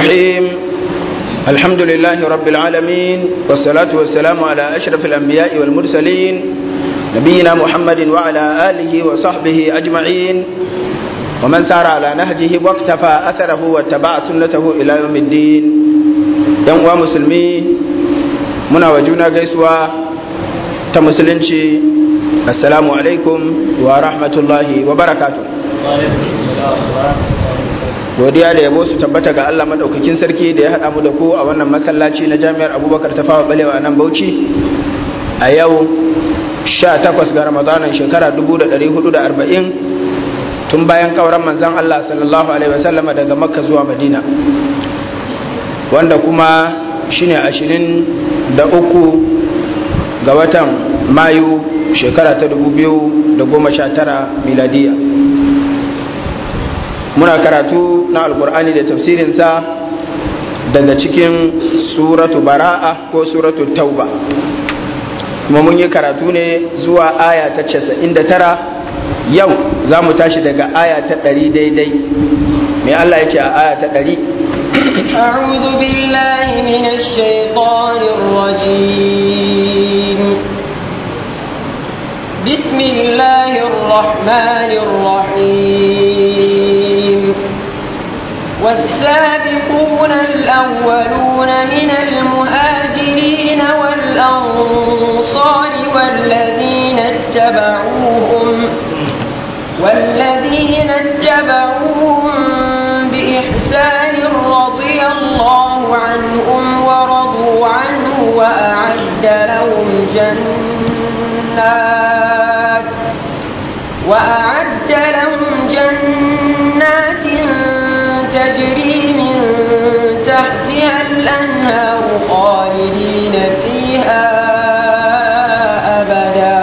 الرحيم الحمد لله رب العالمين والصلاة والسلام على أشرف الأنبياء والمرسلين نبينا محمد وعلى آله وصحبه أجمعين ومن سار على نهجه واقتفى أثره واتبع سنته إلى يوم الدين يوم مسلمين muna wa juna gaisuwa ta musulunci assalamu alaikum wa rahmatullahi wa barakatuh godiya da yabo su tabbata ga Allah madaukakin sarki da ya haɗa mu da ku a wannan masallaci na jami'ar abubakar ta fawa balewa nan bauchi a yau 18 ga ramadanin shekara 1440 tun bayan kauran manzan Allah sallallahu alaihi wasallam daga makka zuwa madina wanda kuma shine 23 ga watan mayu shekara ta 2019 miladiya muna karatu na alkur'ani da tafsirinsa daga cikin suratu bara'a ko suratu tauba kuma mun yi karatu ne zuwa aya ta casa'in da tara yau za mu tashi daga aya ta ɗari daidai mai allah ya ce a aya ta ɗari بسم الله الرحمن الرحيم والسابقون الأولون من المهاجرين والأنصار والذين اتبعوهم والذين اتبعوهم بإحسان رضي الله عنهم ورضوا عنه وأعد لهم جنات وأعد لهم جنات تجري من تحتها الأنهار خالدين فيها أبدا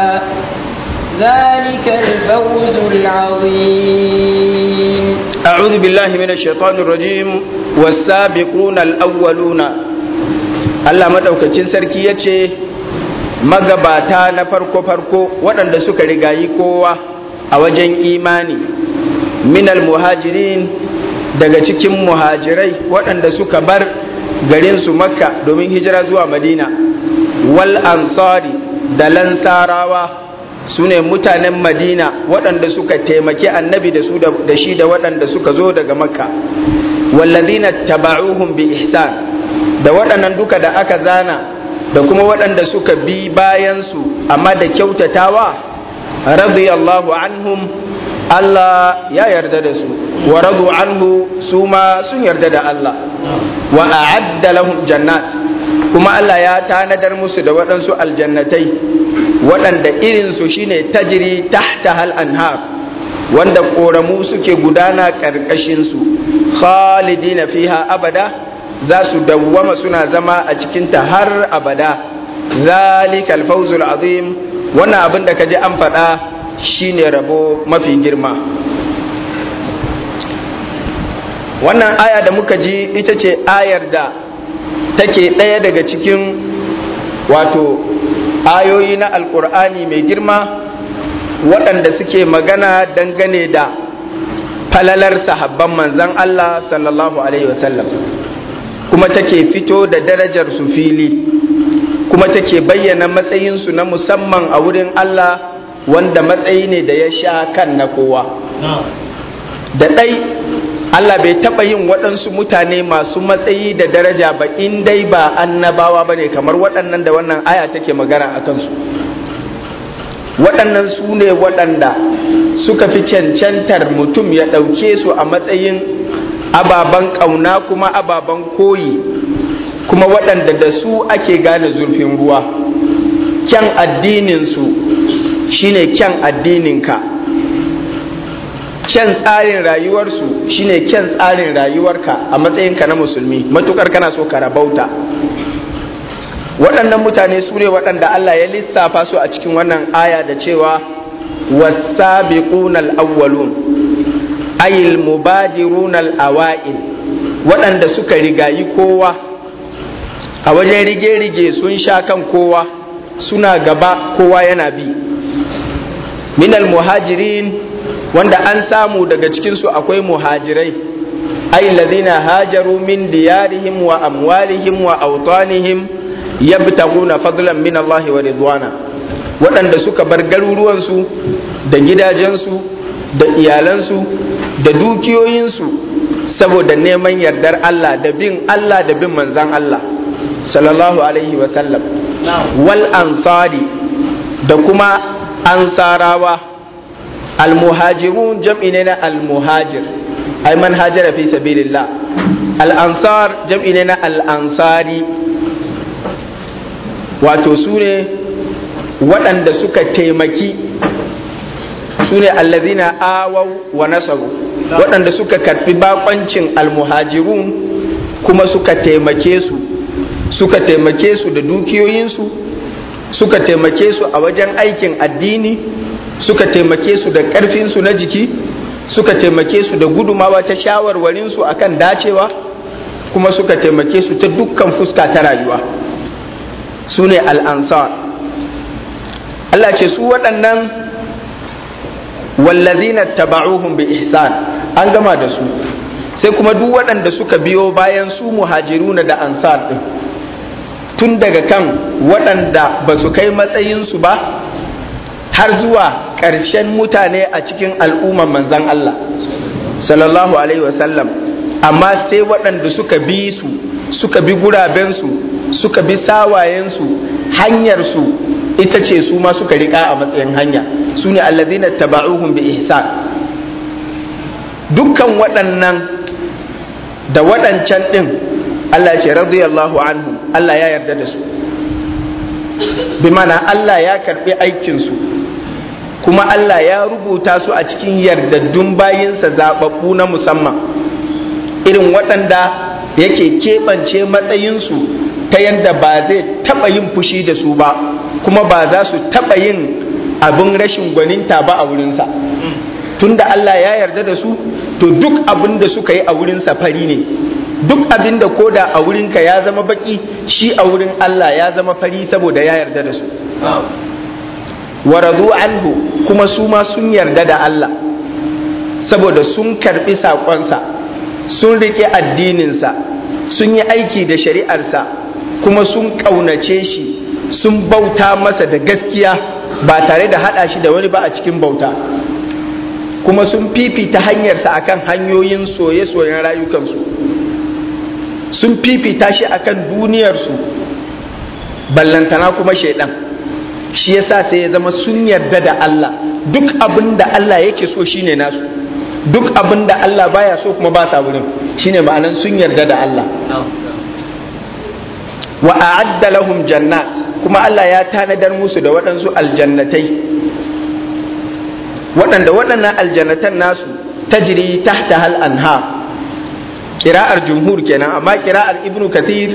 ذلك الفوز العظيم أعوذ بالله من الشيطان الرجيم والسابقون الأولون Allah maɗaukacin sarki ya ce magabata na farko-farko waɗanda suka rigayi kowa a wajen imani minal muhajirin daga cikin muhajirai waɗanda suka bar garinsu makka domin hijira zuwa madina wal ansari da lansarawa su ne mutanen madina waɗanda suka taimaki annabi da su da shi da waɗanda suka zo daga makka wallazina taba'uhum bi ihsan da waɗannan duka da aka zana da kuma waɗanda suka bi bayansu amma da kyautatawa radiyallahu anhum Allah ya yarda da su wa radu anhu su ma sun yarda da Allah wa a'adda lahum jannat kuma Allah ya tanadar musu da waɗansu aljannatai waɗanda irinsu shine tajiri tahta hal anhar wanda ƙoramu suke gudana ƙarƙashin su, khalidina fiha abada za su dawwama suna zama a cikin ta har abada zalika alfawzul azim wannan abin da kaji an faɗa shine rabo mafi girma wannan aya da muka ji ita ce ayar da take ɗaya daga cikin wato ayoyi na alkur'ani mai girma waɗanda suke magana dangane da falalar sahabban manzan Allah sallallahu alaihi wasallam kuma take fito da darajar su fili kuma take bayyana matsayinsu na musamman a wurin Allah wanda matsayi ne da ya sha kan na kowa da ɗai Allah bai taɓa yin waɗansu mutane masu matsayi da daraja ba in dai ba annabawa ba ne kamar waɗannan da wannan aya take magana a kansu waɗannan su ne waɗanda suka fi cancantar mutum ya ɗauke su a matsayin ababen ƙauna kuma ababen koyi kuma waɗanda da su ake gane zurfin ruwa kyan addininsu shine kyan addininka kyan tsarin rayuwarsu shine kyan tsarin rayuwarka a matsayinka na musulmi matukar kana so ka rabauta waɗannan mutane su ne waɗanda Allah ya lissafa su a cikin wannan aya da cewa wasabiqunal awwalun ayil mubadirunal awail waɗanda suka rigayi kowa a wajen rige-rige sun sha kan kowa suna gaba kowa yana bi minal muhajirin wanda an samu daga cikinsu akwai muhajirai ai lazina hajaru min diyarihim wa amwalihim wa autanihim yabtaguna fadlan min Allah wa ridwana waɗanda suka bar garuruwansu da gidajensu da iyalansu da dukiyoyinsu saboda neman yardar Allah da bin Allah da bin manzan Allah sallallahu alaihi wa sallam wal ansari da kuma ansarawa almuhajirun jam'i ne na almuhajir ai man hajara fi sabilillah al jam'i ne na al wato su waɗanda suka taimaki su ne allazina awau wa nasaru waɗanda suka karɓi bakoncin almuhajirun kuma suka taimake su suka taimake su da dukiyoyinsu suka taimake su a wajen aikin addini suka taimake su da ƙarfinsu na jiki suka taimake su da gudumawa ta shawarwarinsu akan dacewa kuma suka taimake su ta dukkan fuska ta rayuwa su ne al'ansar Allah ce su waɗannan wallazina taba'uhum bi ihsan an gama da su sai kuma duk waɗanda suka biyo bayan su muhajiruna da ansar ɗin tun daga kan waɗanda ba su kai matsayinsu ba har zuwa ƙarshen mutane a cikin al'umman manzan Allah sallallahu alaihi wasallam amma sai waɗanda suka bi su suka bi gurabensu suka bi sawayensu hanyarsu ita ce su ma suka riƙa a matsayin hanya su ne allazina taba'uhum bi ihsan dukkan waɗannan da waɗancan ɗin Allah ya ce radiyallahu anhu Allah ya yarda da su bi mana Allah ya karɓi aikinsu kuma Allah ya rubuta su a cikin yardaddun bayinsa zaɓaɓɓu na musamman irin waɗanda yake keɓance matsayinsu ta yadda ba zai taɓa yin fushi da su ba kuma ba za su taɓa yin abin rashin gwaninta ba a wurinsa tunda Allah ya yarda da su to duk abin da suka yi a wurinsa fari ne duk abin da koda a wurinka ya zama baki shi a wurin Allah ya zama fari saboda ya yarda da su wa radu anhu kuma su ma sun yarda da Allah saboda sun karbi saƙonsa sun riƙe addininsa sun yi aiki da shari'arsa kuma sun ƙaunace shi sun bauta masa da gaskiya ba tare da haɗa shi da wani ba a cikin bauta kuma sun fifita hanyarsa akan hanyoyin soye-soyen rayukansu sun fifita shi akan duniyarsu ballantana kuma shaidan shi yasa sai ya zama sun yarda da Allah duk abin da Allah yake so shine nasu duk abin da Allah baya so kuma ba sa wurin shine ma'anan sun yarda da Allah wa a'adda lahum jannat kuma Allah ya tanadar musu da waɗansu aljannatai waɗanda waɗannan aljannatan nasu tajri tahta hal anhar kira'ar jumhur kenan amma kira'ar ibnu kathir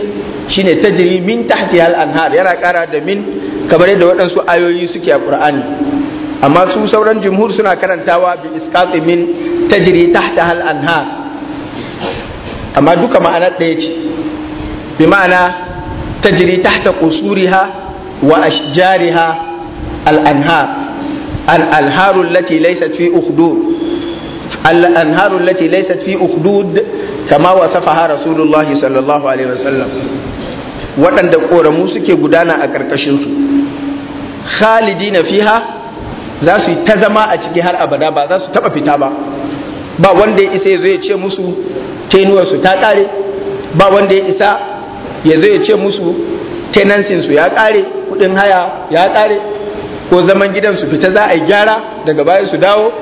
shine tajri min tahtiha al-anhar yana kara da min kamar yadda waɗansu ayoyi suke a qur'ani amma su sauran jumhur suna karantawa bi isqati min tajri tahtaha al-anhar amma duka ma'anar ɗaya ce bi ma'ana tajri tahta qusuriha wa ashjariha al-anhar al-anharu allati laysat fi ukhdur الأنهار التي ليست في أخدود kama wasafaha rasulullahi sallallahu alaihi wasallam waɗanda ƙoramu suke gudana a ƙarƙashinsu khalidi na fiha za su yi ta zama a ciki har abada ba za su taɓa fita ba ba wanda ya isa ya zai ce musu tenuwarsu ta ƙare ba wanda ya isa ya zai ce musu tenansinsu ya ƙare kuɗin haya ya ƙare ko zaman gidan su fita za a yi gyara daga baya su dawo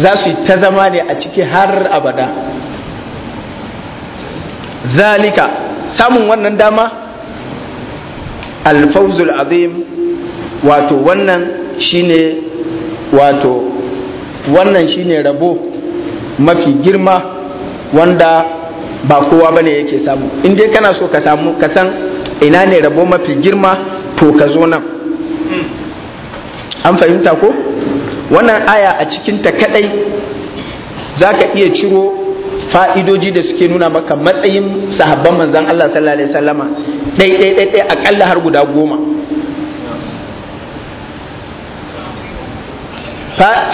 za su yi ta zama ne a ciki har abada zalika samun wannan dama alfauzul azim wato wannan shine wato wannan shine rabo mafi girma wanda ba kowa bane yake samu in dai kana so ka samu ka san ina ne rabo mafi girma to ka zo nan an fahimta ko wannan aya a cikinta kadai za ka iya ciro fa'idoji da suke nuna maka matsayin sahabban manzan Allah sallallahu alaihi wasallama ɗai ɗai ɗai ɗai akalla har guda goma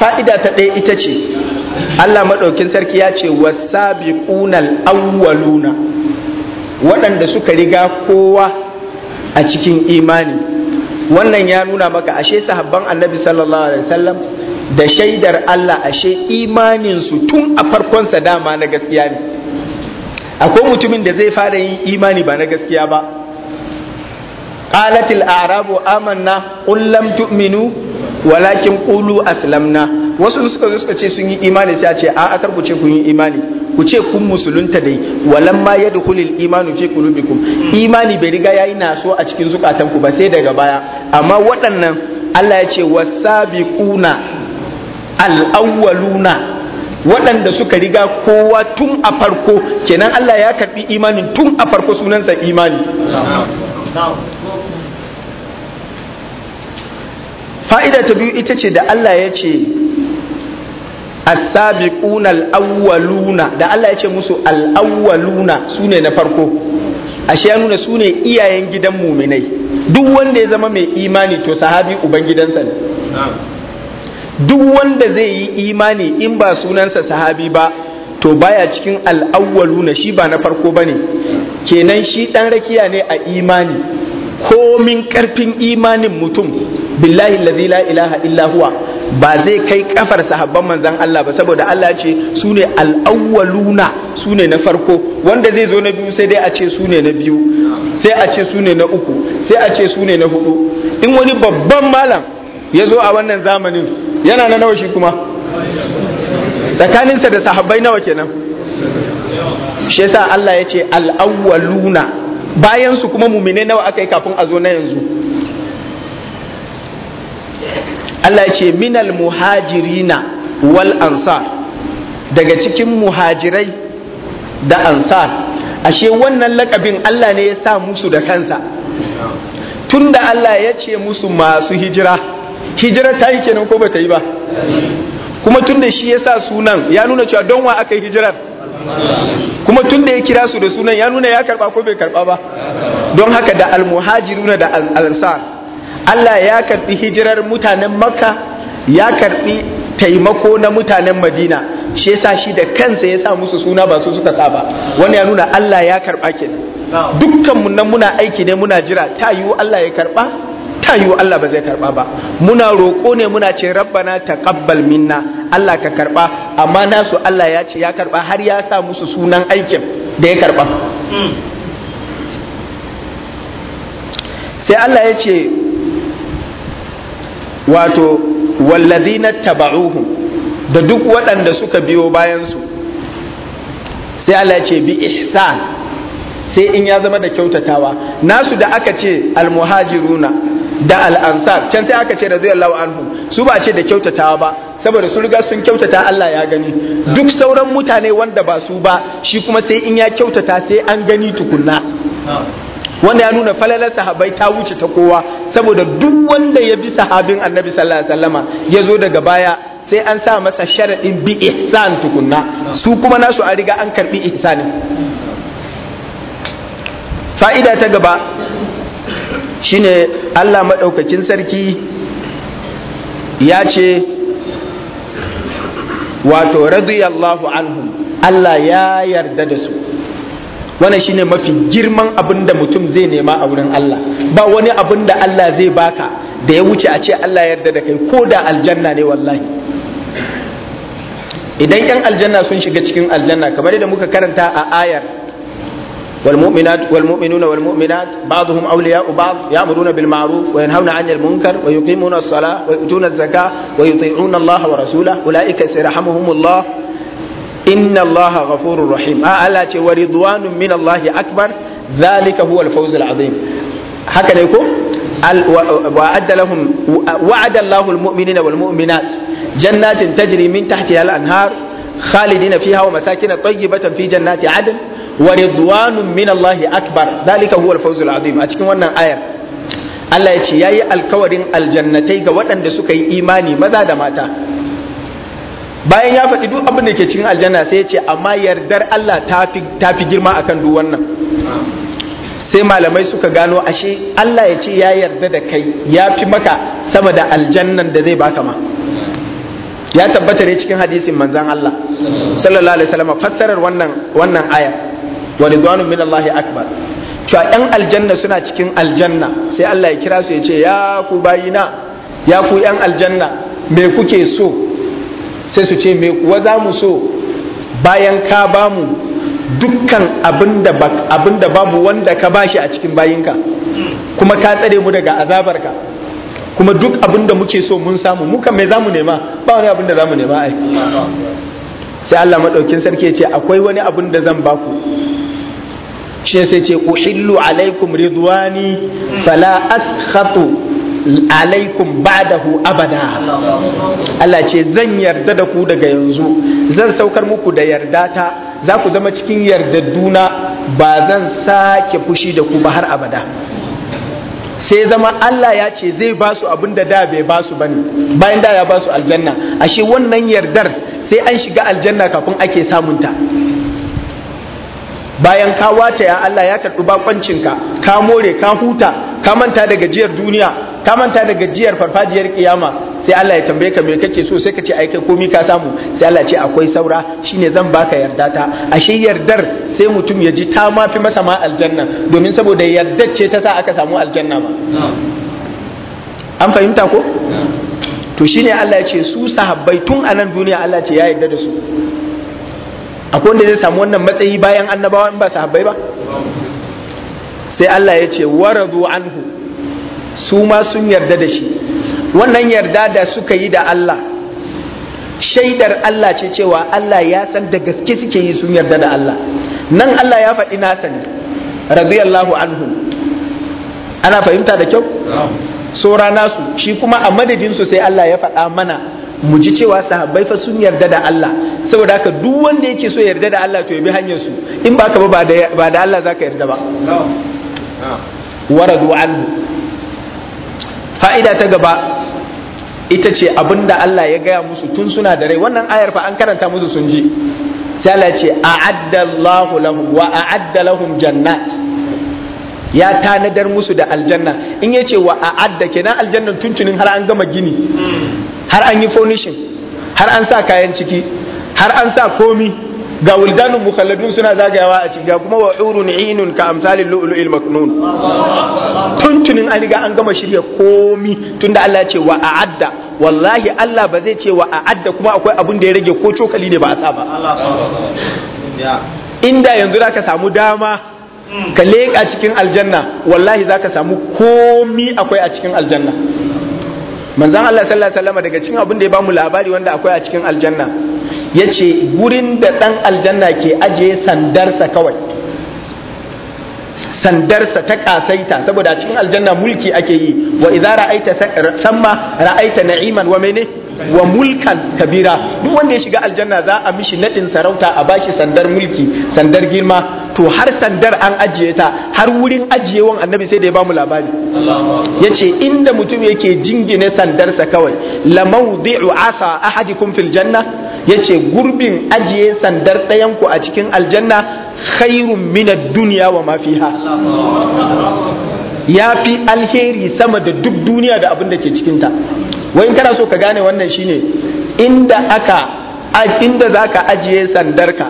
fa'ida ta ɗaya ita ce Allah maɗaukin sarki ya ce wasabiqunal awwaluna waɗanda suka riga kowa a cikin imani wannan ya nuna maka ashe sahabban annabi sallallahu alaihi wasallam da shaidar Allah ashe imaninsu tun a farkonsa dama na gaskiya ne akwai mutumin da zai fara yin imani ba na gaskiya ba قالت الأعراب آمنا قل لم تؤمنوا ولكن قولوا أسلمنا wasu suka zo suka ce sun yi imani sai a ce a atar ku ce kun yi imani ku ce kun musulunta dai walan ma yadkhulul imanu fi qulubikum imani bai riga yayi na so a cikin zukatan ku ba sai daga baya amma waɗannan Allah ya ce wasabiquna al'awwaluna waɗanda suka riga kowa tun a farko kenan Allah ya karɓi imanin tun a farko sunansa imani fa'ida ta biyu ita ce da Allah ya ce as-sabiquna al-awwaluna da Allah ya ce musu al-awwaluna sune na farko ashe ya nuna sune iyayen gidan muminai duk wanda ya zama mai imani to sahabi ubangidansa ne duk wanda zai yi imani in ba sunansa sahabi ba to baya cikin al'awwalu na shi ba na farko bane kenan shi dan rakiya ne a imani komin karfin imanin mutum billahi allazi la ilaha illa huwa ba zai kai kafar sahabban manzan Allah ba saboda Allah ce su ne al'awwaluna su ne na farko wanda zai zo na biyu sai dai a ce su ne na biyu sai a ce su ne na uku sai a ce su ne na hudu in wani babban malam ya zo a wannan zamanin yana na nawa shi kuma tsakaninsa da sahabbai nawa kenan shi yasa Allah ya ce al'awwaluna bayan su kuma mumine nawa aka yi kafin a zo na yanzu Allah ya ce minal muhajirina wal ansar daga cikin muhajirai da ansar ashe wannan lakabin Allah ne ya sa musu da kansa tunda Allah ya ce musu masu hijira hijirar ta yi kenan ko ba ta yi ba kuma tun da shi ya sa sunan ya nuna cewa don wa aka yi hijirar kuma tun da ya kira su da sunan ya nuna ya karba ko bai karba ba don haka da almuhajiruna da al'ansar Allah ya karbi hijirar mutanen makka ya karbi taimako na mutanen madina shi yasa shi da kansa ya sa musu suna ba su suka sa ba wani ya nuna Allah ya karba ke. dukkan mu nan muna aiki ne muna jira ta yiwu Allah ya karba ta yiwu Allah ba zai karba ba muna roƙo ne muna ce rabbana taqabbal minna Allah ka karba amma nasu Allah ya ce ya karba har ya sa musu sunan aikin da ya karba sai Allah ya ce wato wallazina taba'uhum da duk waɗanda suka biyo bayansu su sai Allah ya ce bi ihsan sai in ya zama da kyautatawa nasu da aka ce almuhajiruna da al'ansar can sai aka ce da radiyallahu anhu su ba ce da kyautatawa ba saboda sun riga sun kyautata Allah ya gani duk sauran mutane wanda ba su ba shi kuma sai in ya kyautata sai an gani tukunna wanda ya nuna falalar sahabai ta wuce ta kowa saboda duk wanda ya bi sahabin annabi sallallahu alaihi ya zo daga baya sai an sa masa sharaɗin bi ihsan tukunna su kuma nasu a riga an karɓi ihsanin fa'ida ta gaba shine Allah maɗaukakin sarki ya ce wato radiyallahu anhu Allah ya yarda da su wannan shine mafi girman abin da mutum zai nema a wurin Allah ba wani abin da Allah zai baka da ya wuce a ce Allah ya yarda da kai ko da aljanna ne wallahi idan yan aljanna sun shiga cikin aljanna kamar yadda muka karanta a ayar والمؤمنات والمؤمنون والمؤمنات بعضهم أولياء بعض يأمرون بالمعروف وينهون عن المنكر ويقيمون الصلاة ويؤتون الزكاة ويطيعون الله ورسوله أولئك سيرحمهم الله إن الله غفور رحيم آه، ألا ورضوان من الله أكبر ذلك هو الفوز العظيم هكذا يكون وعد لهم وعد الله المؤمنين والمؤمنات جنات تجري من تحتها الأنهار خالدين فيها ومساكن طيبة في جنات عدن wa ridwanun min Allah akbar dalika huwa al-fawzul a cikin wannan ayar Allah ya ce yayi alkawarin aljannatai ga waɗanda suka yi imani maza da mata bayan ya faɗi duk abin da ke cikin aljanna sai ya ce amma yardar Allah ta fi girma akan duk wannan sai malamai suka gano ashe Allah ya ce ya yarda da kai ya fi maka sama da aljannan da zai baka ma ya tabbata ne cikin hadisin manzan Allah sallallahu alaihi wasallam fassarar wannan wannan aya wa ridwanu min Allah akbar cewa ɗan aljanna suna cikin aljanna sai Allah ya kira su ya ce ya ku bayina ya ku ɗan aljanna me kuke so sai su ce me kuwa za mu so bayan ka ba mu dukkan abin da babu wanda ka ba shi a cikin bayinka kuma ka tsare mu daga azabarka kuma duk abin da muke so mun samu muka mai zamu nema ba wani abin da zamu nema ai sai Allah maɗaukin sarki ya ce akwai wani abin da zan baku shi sai ce uhillu alaikum ridwani fala askhatu alaikum ba'dahu abada Allah ce zan yarda da ku daga yanzu zan saukar muku da yarda ta za ku zama cikin yardadduna ba zan sake fushi da ku ba har abada sai zama Allah ya ce zai ba su abin da da bai ba su bane bayan da ya ba su aljanna ashe wannan yardar sai an shiga aljanna kafin ake samunta bayan ka wata ya Allah ya karɓi bakoncinka ka more ka huta ka manta da gajiyar duniya ka manta da gajiyar farfajiyar kiyama sai Allah ya tambaye ka me kake so sai ka ce ai kai komai ka samu sai Allah ce akwai saura shine zan baka yarda ta ashe yardar sai mutum ya ji ta mafi masa ma aljanna domin saboda yardar ce ta sa aka samu aljanna ma an fahimta ko to shine Allah ya ce su sahabbai tun anan duniya Allah ce ya yarda da su akwai wanda zai samu wannan matsayi bayan annabawa in ba sahabbai ba sai Allah ya ce waradu anhu su ma sun yarda da shi wannan yarda da suka yi da Allah shaidar Allah ce cewa Allah ya san da gaske suke yi sun yarda da Allah nan Allah ya faɗi nasan, ne radiyallahu anhu ana fahimta da kyau so rana shi kuma a madadinsu sai Allah ya faɗa mana mu ji cewa sahabbai fa sun yarda da Allah saboda haka duk wanda yake so yarda da Allah to ya bi hanyar su in ba ka ba ba da Allah zaka yarda ba waradu anhu fa'ida ta gaba ita ce abinda Allah ya gaya musu tun suna da rai wannan ayar fa an karanta musu sun ji sai Allah ya ce a'adda Allahu lahum wa a'adda lahum jannat ya tanadar musu da aljanna in yace wa adda kenan aljannan tuntunin har an gama gini har an yi furnishin har an sa kayan ciki har an sa komi ga wuldanun mukhalladun suna zagayawa a ciki ga kuma wa urun inun ka amsalin lu'lu'il maknun tuntunin an riga an gama shirya komi tunda Allah ce wa a adda wallahi Allah ba zai ce wa a adda kuma akwai abun da ya rage ko cokali ne ba a sa ba inda yanzu zaka samu dama Mm. ka leƙa cikin aljanna wallahi za ka samu komi akwai a cikin aljanna manzan Allah sallallahu alaihi wasallam daga cikin abin da ya bamu labari wanda akwai a cikin aljanna Ya ce gurin da ɗan aljanna ke ajiye sandarsa kawai sandarsa ta kasaita saboda cikin aljanna mulki ake yi wa idza ra'aita samma ra'aita na'iman wa mene wa mulkan kabira duk wanda ya shiga aljanna za a mishi nadin sarauta a bashi sandar mulki sandar girma to har sandar an ajiye ta har wurin ajiyewan annabi sai da ya bamu labari ya ce inda mutum yake jingine sandarsa kawai la mawdi'u asa ahadikum fil janna ya ce gurbin ajiye sandar ɗayanku a cikin aljanna khairun min ad-dunya wa ma fiha ya fi alheri sama da duk duniya da abin da ke ta. wai kana so ka gane wannan shine inda aka inda zaka ajiye sandarka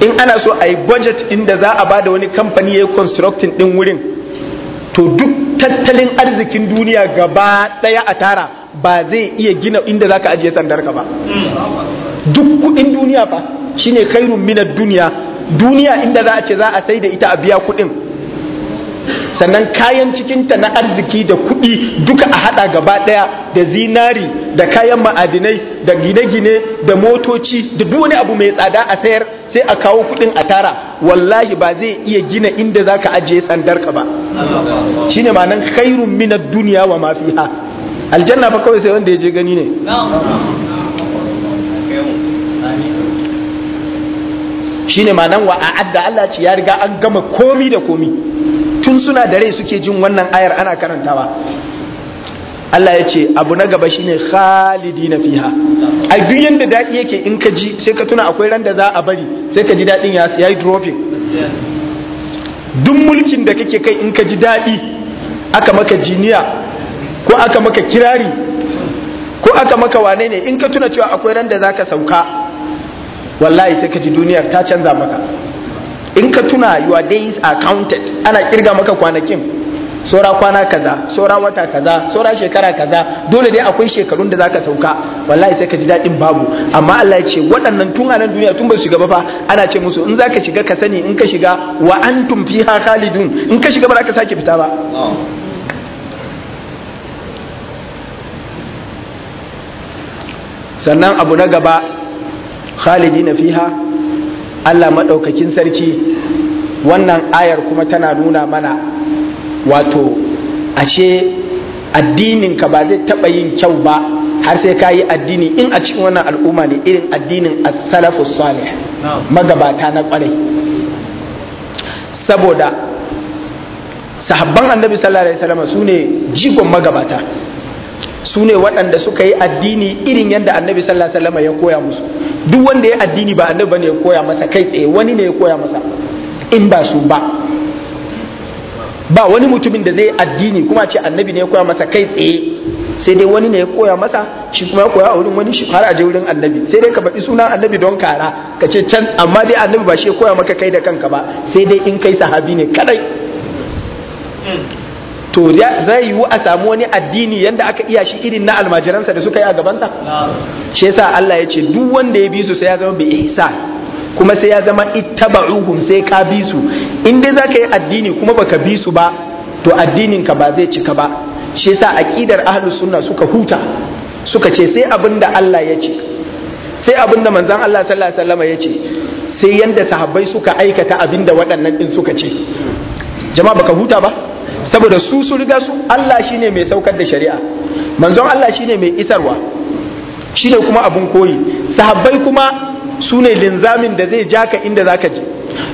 in ana so a yi budget inda za a bada wani kamfani ya yi constructing din wurin to duk tattalin arzikin duniya gaba daya a tara ba zai iya gina inda za ka ajiye sandarka ba duk kudin duniya ba shine khairun minar duniya duniya inda za a ce za a sai da ita a biya kudin sannan kayan cikinta na arziki da kuɗi duka a haɗa gaba ɗaya da zinari da kayan ma'adinai da gine-gine da motoci da duk wani abu mai tsada a sayar sai a kawo kuɗin a tara wallahi ba zai iya gina inda za ka ajiye tsandar ka ba shi ne ma'anan khairun minar duniya wa mafiha aljanna fa kawai sai wanda ya je gani ne shi ne ma'anan wa adda Allah ce ya riga an gama komi da komi tun suna da rai suke jin wannan ayar ana karantawa Allah ya ce abu na gaba shine khalidi na fiha a duk yadda daɗi yake in ka ji sai ka tuna akwai ran da za a bari sai ka ji daɗin ya yi dropping duk mulkin da kake kai in ka ji daɗi aka maka jiniya ko aka maka kirari ko aka maka wane ne in ka tuna cewa akwai ran da za ka sauka wallahi sai ka ji duniyar ta canza maka in ka tuna your days are counted ana kirga maka kwanakin saura kwana kaza saura wata kaza saura shekara kaza dole dai akwai shekarun da zaka sauka wallahi sai ka ji dadin babu amma Allah ya ce waɗannan tun duniya tun ba su shiga ba fa ana ce musu in zaka shiga ka sani in ka shiga wa antum fiha khalidun in ka shiga ba za ka sake fita ba sannan abu na gaba khalidina fiha Allah maɗaukakin sarki wannan ayar kuma tana nuna mana wato ashe addininka ba zai taɓa yin kyau ba har sai ka yi addini in a cikin wannan al'umma ne irin addinin as-salafu salih magabata na kwarai saboda sahabban annabi sallallahu alaihi wasallam su ne jigon magabata su ne waɗanda suka yi addini irin yadda annabi sallallahu alaihi wasallam ya koya musu duk wanda ya addini ba annabi bane ya koya masa kai tsaye wani ne ya koya masa in ba su ba ba wani mutumin da zai addini kuma ce annabi ne ya koya masa kai tsaye sai dai wani ne ya koya masa shi kuma ya koya a wurin wani shi har a je wurin annabi sai dai ka faɗi sunan annabi don kara ka ce can amma dai annabi ba shi ya koya maka kai da kanka ba sai dai in kai sahabi ne kadai to zai yiwu a samu wani addini yadda aka iya shi irin na almajiransa da suka yi a gabansa shi yasa Allah ya ce duk wanda ya bi su sai ya zama bai isa kuma sai ya zama ittaba'uhum sai ka bi su in dai zaka yi addini kuma baka bi su ba to addinin ka ba zai cika ba shi yasa aqidar ahlus sunna suka huta suka ce sai abinda Allah ya ce sai abinda manzon Allah sallallahu alaihi wasallam ya ce sai yanda sahabbai suka aikata abinda waɗannan din suka ce jama'a baka huta ba saboda su su riga su Allah shine mai saukar da shari'a manzon Allah shine mai isarwa shine kuma abun koyi sahabbai kuma su ne linzamin da zai ja ka inda zaka je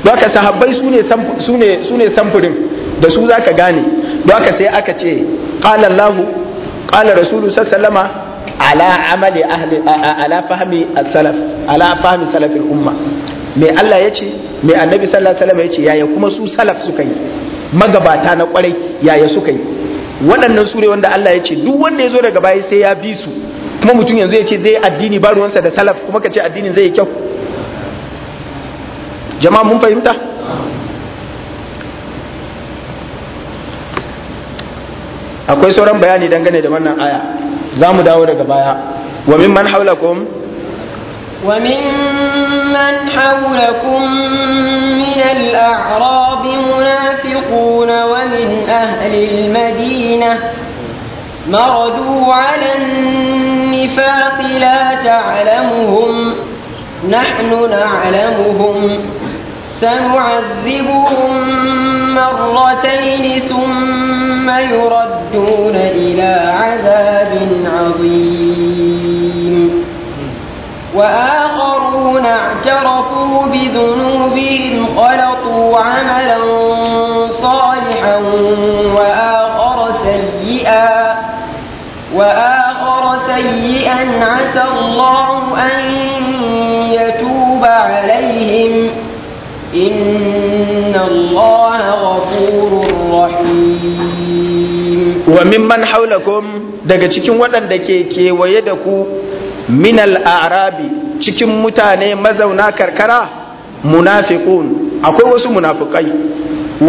don haka sahabbai su ne samfurin da su zaka gane don haka sai aka ce qala Allah qala rasulu sallama ala amali ahli ala fahmi salaf ala fahmi salafil umma mai Allah yace mai annabi sallallahu alaihi wasallam yace yaya kuma su salaf suka yi magabata na kwarai yaya suka yi waɗannan sure wanda Allah ya ce duk wanda ya zo daga baya sai ya bi su kuma mutum yanzu ya ce zai addini ba ruwansa da salaf kuma ka ce addinin zai yi kyau jama'a mun fahimta akwai sauran bayani dangane da wannan aya za mu dawo daga baya wa wa mimman haulakum الأعراب منافقون ومن أهل المدينة مردوا على النفاق لا تعلمهم نحن نعلمهم سنعذبهم مرتين ثم يردون إلى عذاب عظيم وآخر الذين اعترفوا بذنوبهم خلطوا عملا صالحا وآخر سيئا وآخر سيئا عسى الله أن يتوب عليهم إن الله غفور رحيم وممن حولكم daga cikin waɗanda ke kewaye da ku minal arabi cikin mutane mazauna karkara munafiqun akwai wasu munafukai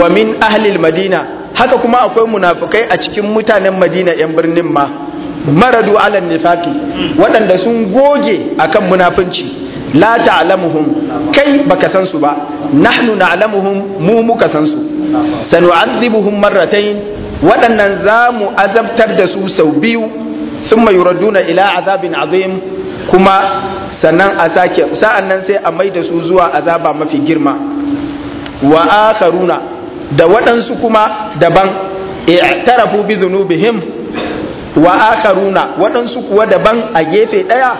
wa min ahlil madina haka kuma akwai munafikai a cikin mutanen madina yan birnin ma maradu alan nifaki waɗanda sun goge akan munafunci la ta'lamuhum kai baka san su ba nahnu na'lamuhum mu muka san su sanu'adhibuhum marratayn waɗannan za mu azabtar da su sau biyu thumma yuraduna ila azabin azim kuma sannan a sake sa'an nan sai a mai da su zuwa azaba mafi girma wa akharuna da waɗansu kuma daban i'tarafu bi dhunubihim wa akharuna waɗansu kuwa daban a gefe ɗaya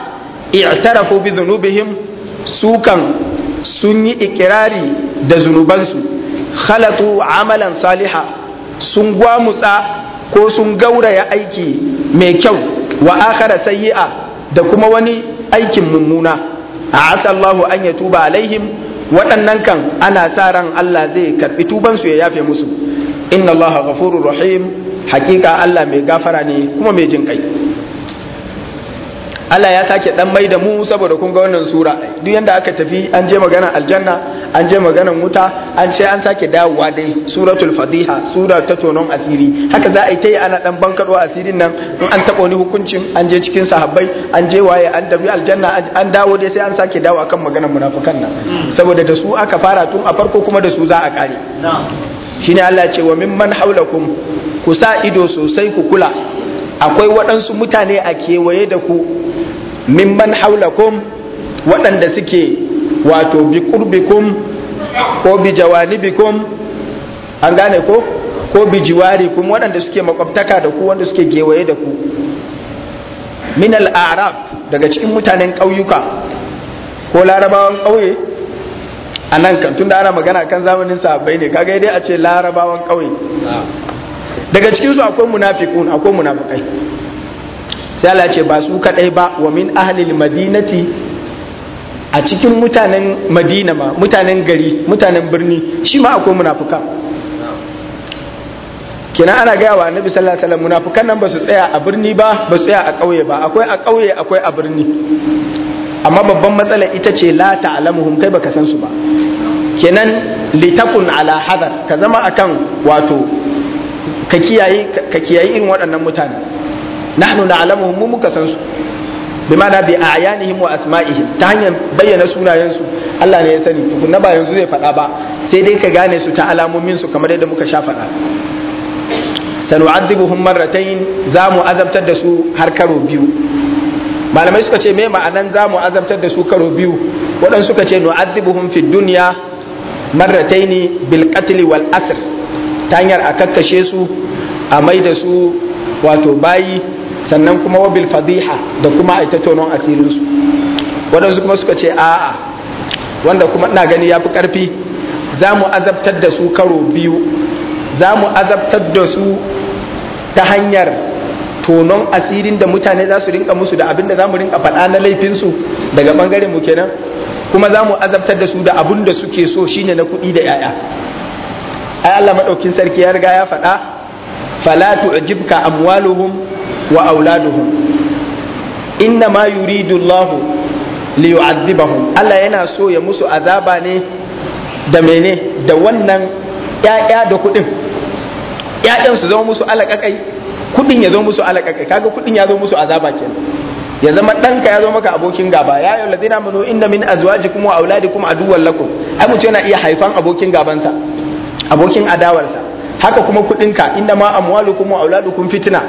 i'tarafu bi dhunubihim sukan sun yi ikirari da zunubansu khalatu amalan saliha sun gwamutsa ko sun gauraya aiki mai kyau wa akhara sayyi'a da kuma wani aikin mummuna a asallahu an ya tuba alaihim waɗannan kan ana sa ran Allah zai karɓi tubansu ya yafe musu inna allaha ghafurur rahim hakika Allah mai gafara ne kuma mai jin kai Allah ya sake dan mai da mu saboda kun ga wannan sura duk yanda aka tafi an je magana aljanna an je magana wuta an sai an sake dawowa dai suratul fadiha sura ta tonon asiri haka za a yi ta yi ana dan bankado asirin nan in an taba ni hukuncin an je cikin sahabbai an je waye an dabi aljanna an dawo dai sai an sake dawo akan maganar munafikan nan hmm. saboda da su aka fara tun a farko kuma da su za a kare shine Allah ya ce wa mimman haulakum ku sa ido sosai ku kula akwai waɗansu mutane a kewaye da ku mimman haulakum waɗanda suke wato bi kurbikum ko bi jawanibikum an gane ko ko bi waɗanda suke makwabtaka da ku wanda suke gewaye da ku min al'arab daga cikin mutanen ƙauyuka ko larabawan ƙauye a nan kan da ana magana kan zamanin sahabbai ne kaga dai a ce larabawan ƙauye daga cikinsu akwai munafiqun akwai munafikai sai Allah ce ba su kadai ba wa min ahlil madinati a cikin mutanen madina ma mutanen gari mutanen birni shi ma akwai munafuka kenan ana gaya wa annabi sallallahu alaihi wasallam munafukan nan ba su tsaya a birni ba ba su tsaya a kauye ba akwai a kauye akwai a birni amma babban matsala ita ce la ta'lamuhum kai baka san su ba kenan litakun ala hadar ka zama akan wato ka kiyaye ka kiyaye irin waɗannan mutane nahnu na'lamuhum mu muka san su bi ma'ana bi a'yanihim wa asma'ihim ta hanyar bayyana sunayen su Allah ne ya sani tukunna ba yanzu zai faɗa ba sai dai ka gane su ta alamomin su kamar yadda muka sha faɗa sanu'adhibuhum marratayn za mu azabtar da su har karo biyu malamai suka ce me ma'anan za mu azabtar da su karo biyu waɗansu suka ce nu'adhibuhum fid dunya marratayn bil qatl wal asr ta hanyar a kakkashe su a mai da su wato bayi sannan kuma wabil fadiha da kuma a tonon asirinsu waɗansu kuma suka ce a'a wanda kuma ina gani ya fi ƙarfi za mu azabtar da su karo biyu za mu azabtar da su ta hanyar tonon asirin da mutane za su rinka musu da abin da za mu rinka faɗa na laifinsu daga ɓangaren mu kenan kuma za mu azabtar da su da abin da suke so shine na kuɗi da 'ya'ya ai Allah madaukin sarki ya riga ya faɗa fala tu'jibka amwaluhum wa auladuhum inna ma yuridu Allah li yu'adhibahum Allah yana so ya musu azaba ne da mene da wannan ƴaƴa da kuɗin ƴaƴan su zama musu alaƙaƙai kuɗin ya zama musu alaƙaƙai kaga kuɗin ya zama musu azaba kenan ya zama ɗanka ya zo maka abokin gaba ya yau ladina manu inna min azwajikum wa auladikum aduwwan lakum ai mutum yana iya haifan abokin gabansa abokin adawarsa haka kuma kuɗinka inda ma amwalukum wa auladukum fitna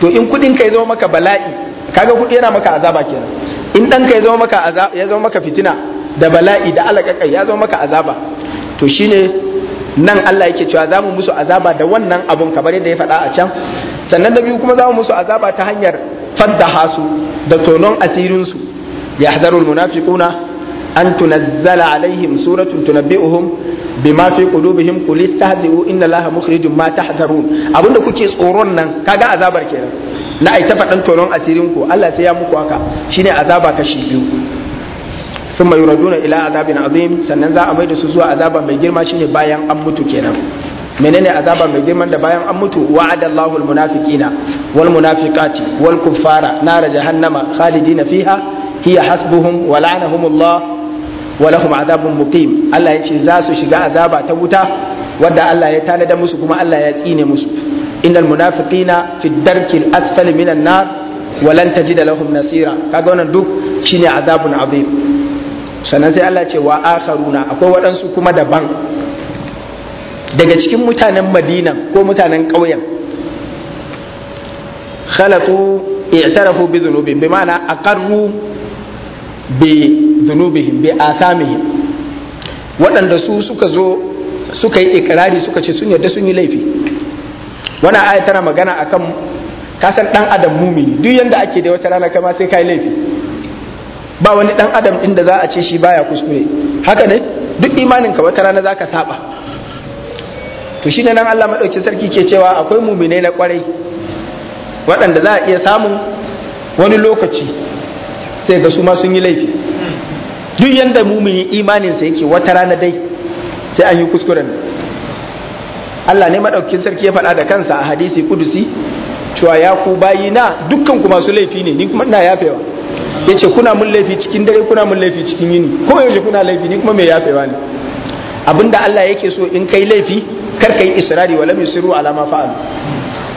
to in kuɗinka ya zama maka bala'i kaga kuɗi yana maka azaba kenan in ɗanka ya zama maka azaba ya zama maka fitina da bala'i da alaƙaƙai ya zama maka azaba to shine nan Allah yake cewa za mu musu azaba da wannan abun kamar yadda ya faɗa a can sannan da biyu kuma za mu musu azaba ta hanyar fadda hasu da tonon asirinsu ya hadarul munafiquna an tunazzala alaihim suratun tunabbi'uhum bima fi qulubihim qul istahzi'u inna allaha mukhrijum ma tahdharun abinda kuke tsoron nan ka ga azabar kenan na ai ta fadan tonon asirin ku Allah sai ya muku haka shine azaba kashi biyu summa yuraduna ila azabin azim sannan za a mai da su zuwa azaba mai girma shine bayan an mutu kenan menene azaba mai girman da bayan an mutu wa'ada Allahu almunafiqina wal munafiqati wal kuffara nar jahannama khalidina fiha hiya hasbuhum wa la'anahum Allah walahum lahum azabun muqim Allah ya ce za su shiga azaba ta wuta wadda Allah ya tanada musu kuma Allah ya tsine musu innal munafiqina fi darkil asfali minan nar walan lan tajida lahum nasira kaga wannan duk shine azabun azim sannan sai Allah ce wa akharuna akwai waɗansu kuma daban daga cikin mutanen Madina ko mutanen ƙauyen khalatu i'tarafu bi dhunubihim bi ma'ana aqarru bi zunubihim bi asamihim waɗanda su suka zo suka yi ikirari suka ce sun yarda sun yi laifi wani aya tana magana akan kasan dan adam mumini duk yanda ake da wata rana kama sai kai laifi ba wani dan adam inda za a ce shi baya kuskure haka ne duk imanin ka wata rana zaka saba to shi nan Allah madauki sarki ke cewa akwai mumine na kwarai waɗanda za a iya samun wani lokaci sai ga su ma sun yi laifi duk yanda mumini imaninsa yake wata rana dai sai an yi kuskuren Allah ne maɗaukin sarki ya faɗa da kansa a hadisi kudusi cewa ya ku bayi na dukkan ku masu laifi ne ni kuma ina yafewa ce kuna mun laifi cikin dare kuna mun laifi cikin yini ko yaushe kuna laifi ni kuma mai yafewa ne abinda Allah yake so in kai laifi kar israri wa lam yusiru ala ma fa'al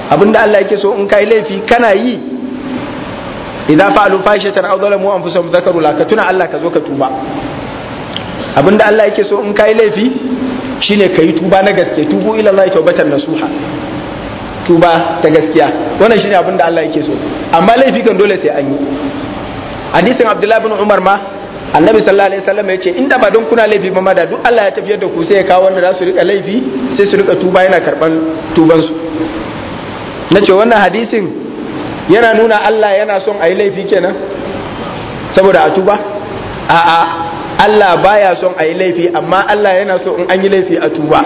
abinda Allah yake so in kai laifi kana yi idza fa'alu mu an fi son Zakaru la ka tuna Allah ka zo ka tuba abinda Allah yake so in kai laifi shine kai tuba na gaske tubu ila Allah tawbatan nasuha tuba ta gaskiya wannan shine abinda Allah yake so amma laifi kan dole sai an yi hadisin Abdullahi bin Umar ma annabi sallallahu alaihi wasallam ya ce inda ba don kuna laifi ba ma da duk Allah ya tafiyar da ku sai ya kawo wanda za su rika laifi sai su rika tuba yana karban tuban su nace wannan hadisin yana nuna Allah yana son a yi laifi kenan saboda a tuba a'a Allah baya son a yi laifi amma Allah yana so in an yi laifi a tuba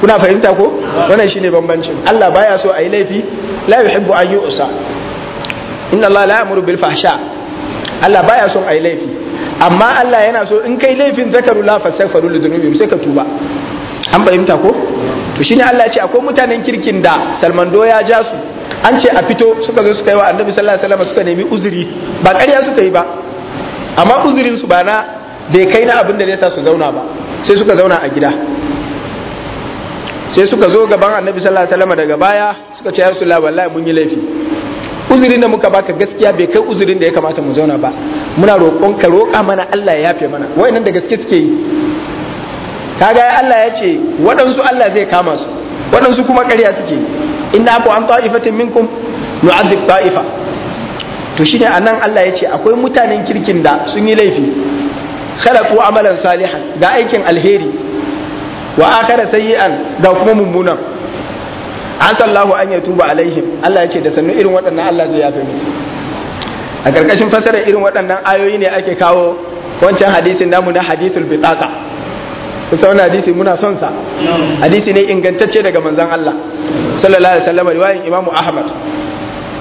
kuna fahimta ko wannan shine bambancin Allah baya so a yi laifi la yuhibbu an yu'sa inna Allah la ya'muru bil fahsha Allah baya son a yi laifi amma Allah yana so in kai laifin zakaru la fastaghfiru lidhunubihim sai ka tuba an fahimta ko to shine Allah ya ce akwai mutanen kirkin da Salman ya ja su an ce a fito suka zo suka yi wa annabi sallallahu alaihi wasallam suka nemi uzuri ba ƙarya suka yi ba amma uzurin su ba na bai kai na abin da ne sa su zauna ba sai suka zauna a gida sai suka zo gaban annabi sallallahu alaihi wasallam daga baya suka ce ya rasulullahi wallahi mun yi laifi uzurin da muka baka gaskiya bai kai uzurin da ya kamata mu zauna ba muna roƙon ka roƙa mana Allah ya yafe mana wayannan da gaske suke yi kaga Allah ya ce waɗansu Allah zai kama su waɗansu kuma ƙarya suke inna ku an ta'ifatin minkum nu'adhib ta'ifa to shine anan Allah ya ce akwai mutanen kirkin da sun yi laifi khalaqu amalan salihan ga aikin alheri wa akhara sayyi'an ga kuma mummunan an sallahu an tuba alaihim Allah ya ce da sannu irin waɗannan Allah zai yafe musu a ƙarƙashin fasarar irin waɗannan ayoyi ne ake kawo wancan hadisin namu na hadisul bitaqa kusa wani hadisi muna son sa hadisi ne ingantacce daga manzan Allah sallallahu alaihi wasallam riwayan Imam Ahmad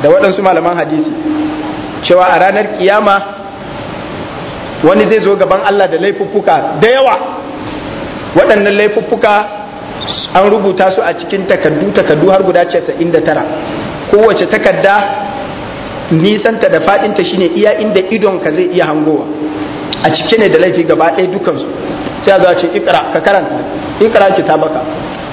da waɗansu malaman hadisi cewa a ranar kiyama wani zai zo gaban Allah da laifuffuka da yawa waɗannan laifuffuka an rubuta su a cikin takardu takardu har guda 99 kowace takarda nisanta da faɗinta shine iya inda idon ka zai iya hangowa a cike ne da laifi gaba ɗaya dukansu sai za ce ikra ka karanta ikra baka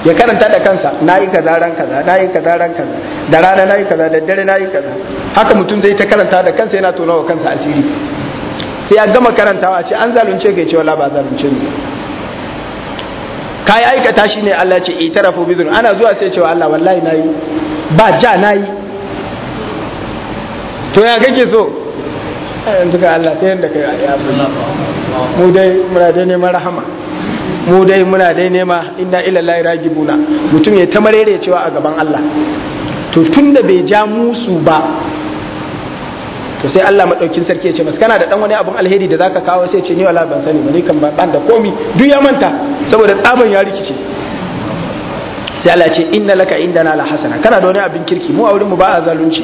ya karanta da kansa na yi kaza ran kaza na yi kaza ran kaza da rana na yi kaza da dare na yi kaza haka mutum zai ta karanta da kansa yana tona wa kansa asiri sai ya gama karantawa ce an zalunce kai ce wala ba zalunce ne kai aikata shi ne Allah ce itarafu bizun ana zuwa sai cewa Allah wallahi nayi ba ja nayi to ya kake so yanzu ka Allah sai yanda kai ya abu mu dai muna dai neman rahama mu dai muna dai nema inna ilallahi buna, mutum ya tamarere cewa a gaban Allah to tunda bai ja musu ba to sai Allah madaukin sarki ya ce masa kana da dan wani abun alheri da zaka kawo sai ce ni wala ban sani ba ni kan ban da komi duk ya manta saboda tsaban ya rikice sai Allah ce inna laka indana la hasana kana da wani abin kirki mu a wurin mu ba a zalunci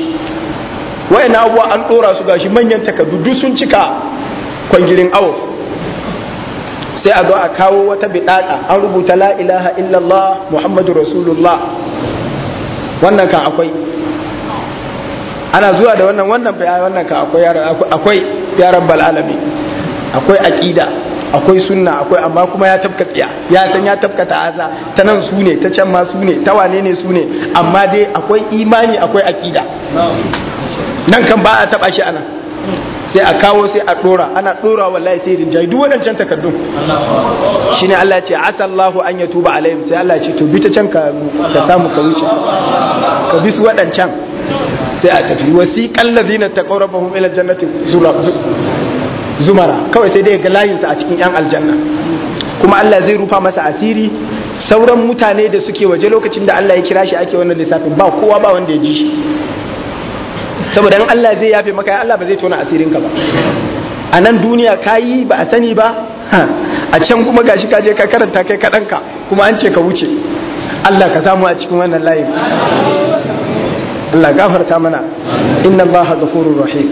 wayannan abubuwa an dora su gashi manyan takaddu sun cika kwangirin awo sai a zo a kawo wata bidaka an rubuta la ilaha illallah muhammadu rasulullah wannan kan akwai ana zuwa da wannan wannan bai wannan kan akwai akwai yaran balalami akwai aqida akwai sunna akwai amma kuma ya tafka ya san ya tabkata aza ta nan su ne ta can ma su ne ta wane ne su ne amma dai akwai imani akwai aqida nan kan ba a taba shi anan sai a kawo sai a dora ana dora wallahi sai rinjayi duk wannan can takaddun shine Allah ya ce asallahu an yatuba alaihim sai Allah ya ce to bi ta can ka ka samu ka wuce ka bi su wadancan sai a tafi wasiqal ladina taqarrabuhum ila jannati zumara kawai sai dai ga layinsa a cikin yan aljanna kuma Allah zai rufa masa asiri sauran mutane da suke waje lokacin da Allah ya kira shi ake wannan lissafin ba kowa ba wanda ya ji shi saboda in Allah zai yafe maka Allah ba zai tona asirin ka ba a nan duniya ka yi ba a sani ba a can kuma gashi ka je ka karanta kai kaɗanka. ka kuma an ce ka wuce Allah ka samu a cikin wannan layin Allah gafarta mana inna Allah ghafurur rahim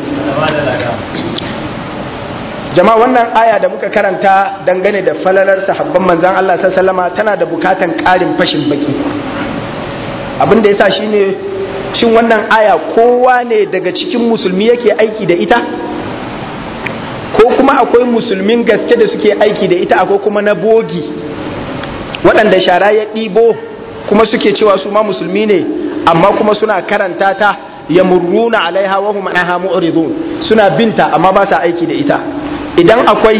jama'a wannan aya da muka karanta dangane da falalar sahabban manzan Allah sallama tana da bukatan karin fashin baki abin da yasa shine shin wannan aya kowa ne daga cikin musulmi yake aiki da ita ko kuma akwai musulmin gaske da suke aiki da ita akwai kuma na bogi waɗanda shara ya ɗibo kuma suke cewa su ma musulmi ne amma kuma suna karanta ta ya murruna alaiha wa hum anha mu'ridun suna binta amma ba sa aiki da ita idan akwai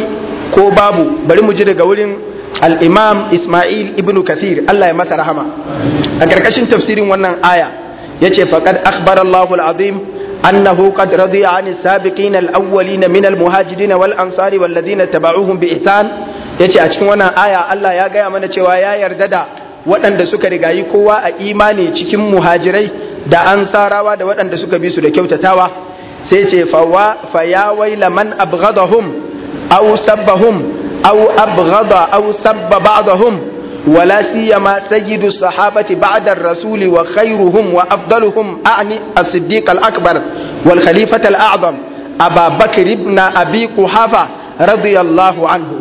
ko babu bari mu ji daga wurin al'imam Ismail ibn Kathir Allah ya masa rahama a ƙarƙashin tafsirin wannan aya yace faqad akhbara Allahu al-azim annahu qad radiya 'ani sabiqina al-awwalin min al-muhajirin wal ansari wal ladina tabauhum bi ihsan yace a cikin wannan aya Allah ya gaya mana cewa ya yarda da waɗanda suka rigayi kowa a imani cikin muhajirai da ansarawa da waɗanda suka bi su da kyautatawa sai ce fa ya waila man abghadahum aw sabbahum aw abghada aw sabba ba'dahum ولا سيما سيد الصحابة بعد الرسول وخيرهم وأفضلهم أعني الصديق الأكبر والخليفة الأعظم أبا بكر بن أبي قحافة رضي الله عنه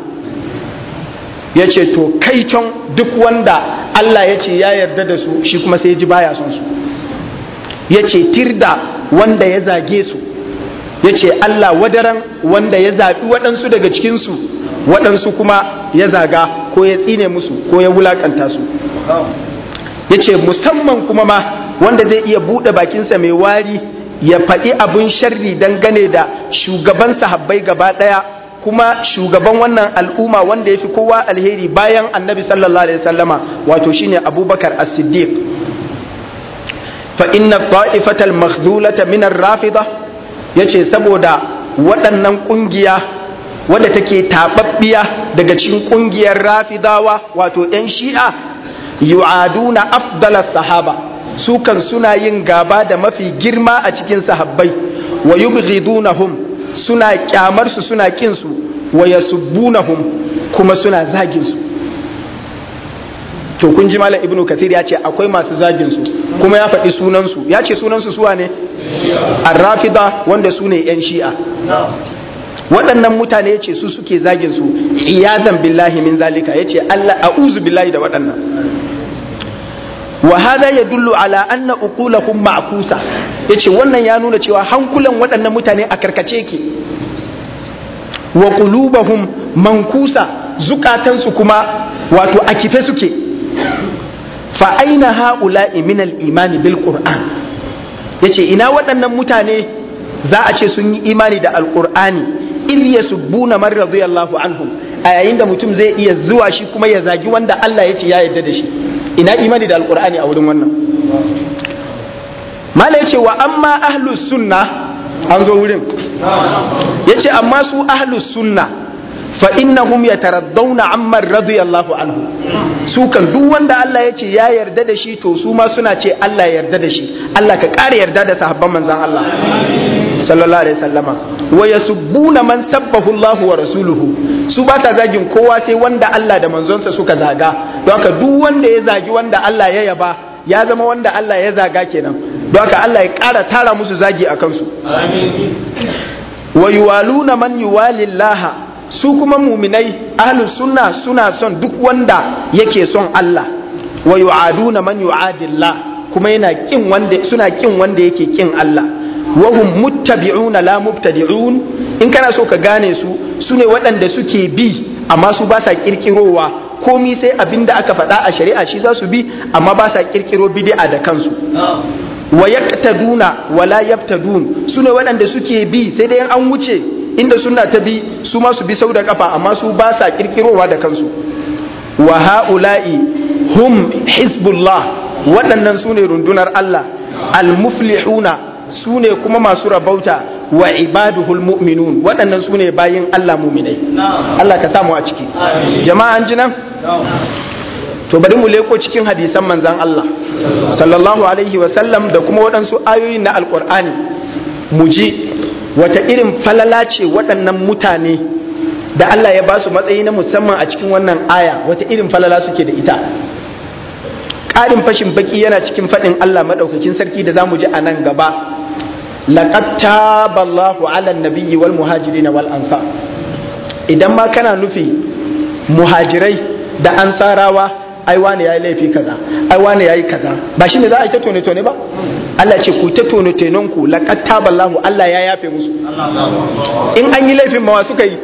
yace to kai can duk wanda Allah ya ce ya yarda da su shi kuma sai ji baya son su yace tirda wanda ya zage su yace Allah wadaran wanda ya zaɓi waɗansu daga cikinsu waɗansu kuma ya zaga ko ya tsine musu ko ya wulakanta su Ya ce musamman kuma ma wanda zai iya buɗe bakinsa mai wari ya faɗi abin sharri dangane da shugaban sahabbai gaba ɗaya kuma shugaban wannan al'umma wanda ya fi kowa alheri bayan annabi sallallahu alaihi sallama wato shine abubakar as-siddiq na inna ta'ifatal minar min ar-rafida yace saboda waɗannan ƙungiya wadda take taɓaɓɓiya daga cikin ƙungiyar rafidawa wato 'yan shi'a yu'aduna afdala sahaba su kan suna yin gaba da mafi girma a cikin sahabbai wa yubghidunahum suna kyamar su suna kin su wa yasubbunahum kuma suna zagin su to kun ji malam ibnu kathir ya ce akwai masu zagin su kuma ya faɗi sunan su ya ce sunan su suwa ne rafida wanda su ne yan shi'a waɗannan mutane ya ce su suke zagin su iyadan billahi min zalika ya ce Allah a'uzu billahi da waɗannan wa hada ya dullu ala anna uqulahum ma'kusa ya ce wannan ya nuna cewa hankulan waɗannan mutane a karkace ke wa qulubahum mankusa zukatansu kuma wato a kife suke fa aina ha'ula'i min al-imani bil qur'an yace ina waɗannan mutane za a ce sun yi imani da alkur'ani idh yasubbuna man radiyallahu anhum a yayin da mutum zai iya zuwa shi kuma ya zagi wanda Allah ya ce ya yarda da shi ina imani da alqur'ani a wurin wannan mala yace wa amma ahlus sunna an zo wurin yace amma su ahlus sunna fa innahum yataraddawna amma radiyallahu anhu su kan duk wanda Allah ya ce ya yarda da shi to su ma suna ce Allah ya yarda da shi Allah ka ƙara yarda da sahabban manzon Allah sallallahu alaihi wasallama wa yasubbuna man sabbahu Allah wa rasuluhu su ba ta zagin kowa sai wanda Allah da manzonsa suka zaga don haka duk wanda ya zagi wanda Allah ya yaba ya zama wanda Allah ya zaga kenan don haka Allah ya kara tara musu zagi a kansu amin wa yuwaluna man yuwali Allah su kuma muminai ahlus sunna suna son duk wanda yake son Allah wa yu'aduna man yu'adillah kuma yana kin wanda suna kin wanda yake kin Allah wa hum muttabi'una la mubtadi'un in kana so ka gane su Su ne waɗanda suke bi amma su ba sa kirkirowa komi sai abinda aka faɗa a shari'a shi za su bi amma ba sa kirkiro bid'a da kansu wa yaqtaduna wa la yabtadun ne waɗanda suke bi sai dai an wuce inda sunna ta bi su ma su bi sau da kafa amma su ba sa kirkirowa da kansu wa ha'ula'i hum hizbullah waɗannan ne rundunar Allah al-muflihuna su ne kuma masu rabauta wa ibaduhul mu'minun waɗannan su ne bayin Allah muminai Allah ka samu a ciki jama'a an to bari mu leko cikin hadisan manzan Allah sallallahu alaihi wa sallam da kuma waɗansu ayoyi na alkur'ani mu ji wata irin falala ce waɗannan mutane da Allah ya ba su matsayi na musamman a cikin wannan aya wata irin falala suke da ita ƙarin fashin baki yana cikin faɗin Allah maɗaukakin sarki da za mu ji a nan gaba laqad Allahu ala nabiyyi wal muhajirin wal ansar idan ma kana nufi muhajirai da ansarawa ai wani yayi laifi kaza ai wani yayi kaza ba shine za a yi ta tone tone ba Allah ce ku ta tone tonen ku laqad Allahu. Allah ya yafe musu in an yi laifin ma suka yi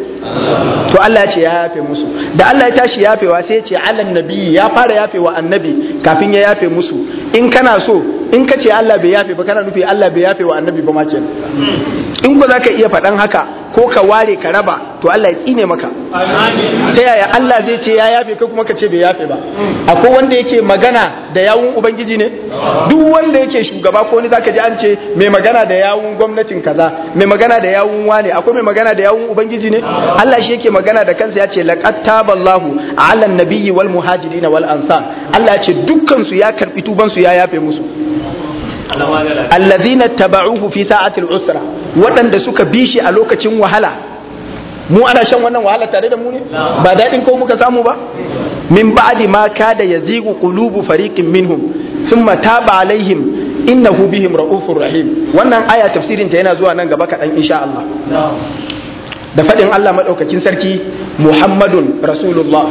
to Allah ya ce ya yafe musu da Allah ya tashi yafewa sai ya ce ala nabiyyi ya fara yafewa annabi kafin ya yafe musu in kana so in ka ce Allah bai yafe ba kana nufi Allah bai yafe wa annabi ba ma in ko ka iya faɗan haka ko ka ware ka raba to Allah ya tsine maka ta yaya Allah zai ce ya yafe kai kuma ka ce bai yafe ba akwai wanda yake magana da yawun ubangiji ne duk wanda yake shugaba ko ni ka ji an ce mai magana da yawun gwamnatin kaza mai magana da yawun wane akwai mai magana da yawun ubangiji ne Allah shi yake magana da kansa ya ce laqad taballahu ala nabiyyi wal muhajirin wal ansar Allah ya ce dukkan su ya karbi tuban su ya yafe musu allazina taba'uhu fi sa'atil usra waɗanda suka bi shi a lokacin wahala mu ana shan wannan wahala tare da mu ne ba daɗin ko muka samu ba min ba'di ma kada yazigu qulubu fariqin minhum thumma taba alaihim innahu bihim ra'ufur rahim wannan aya tafsirin ta yana zuwa nan gaba kaɗan insha Allah da faɗin Allah maɗaukakin sarki Muhammadun Rasulullah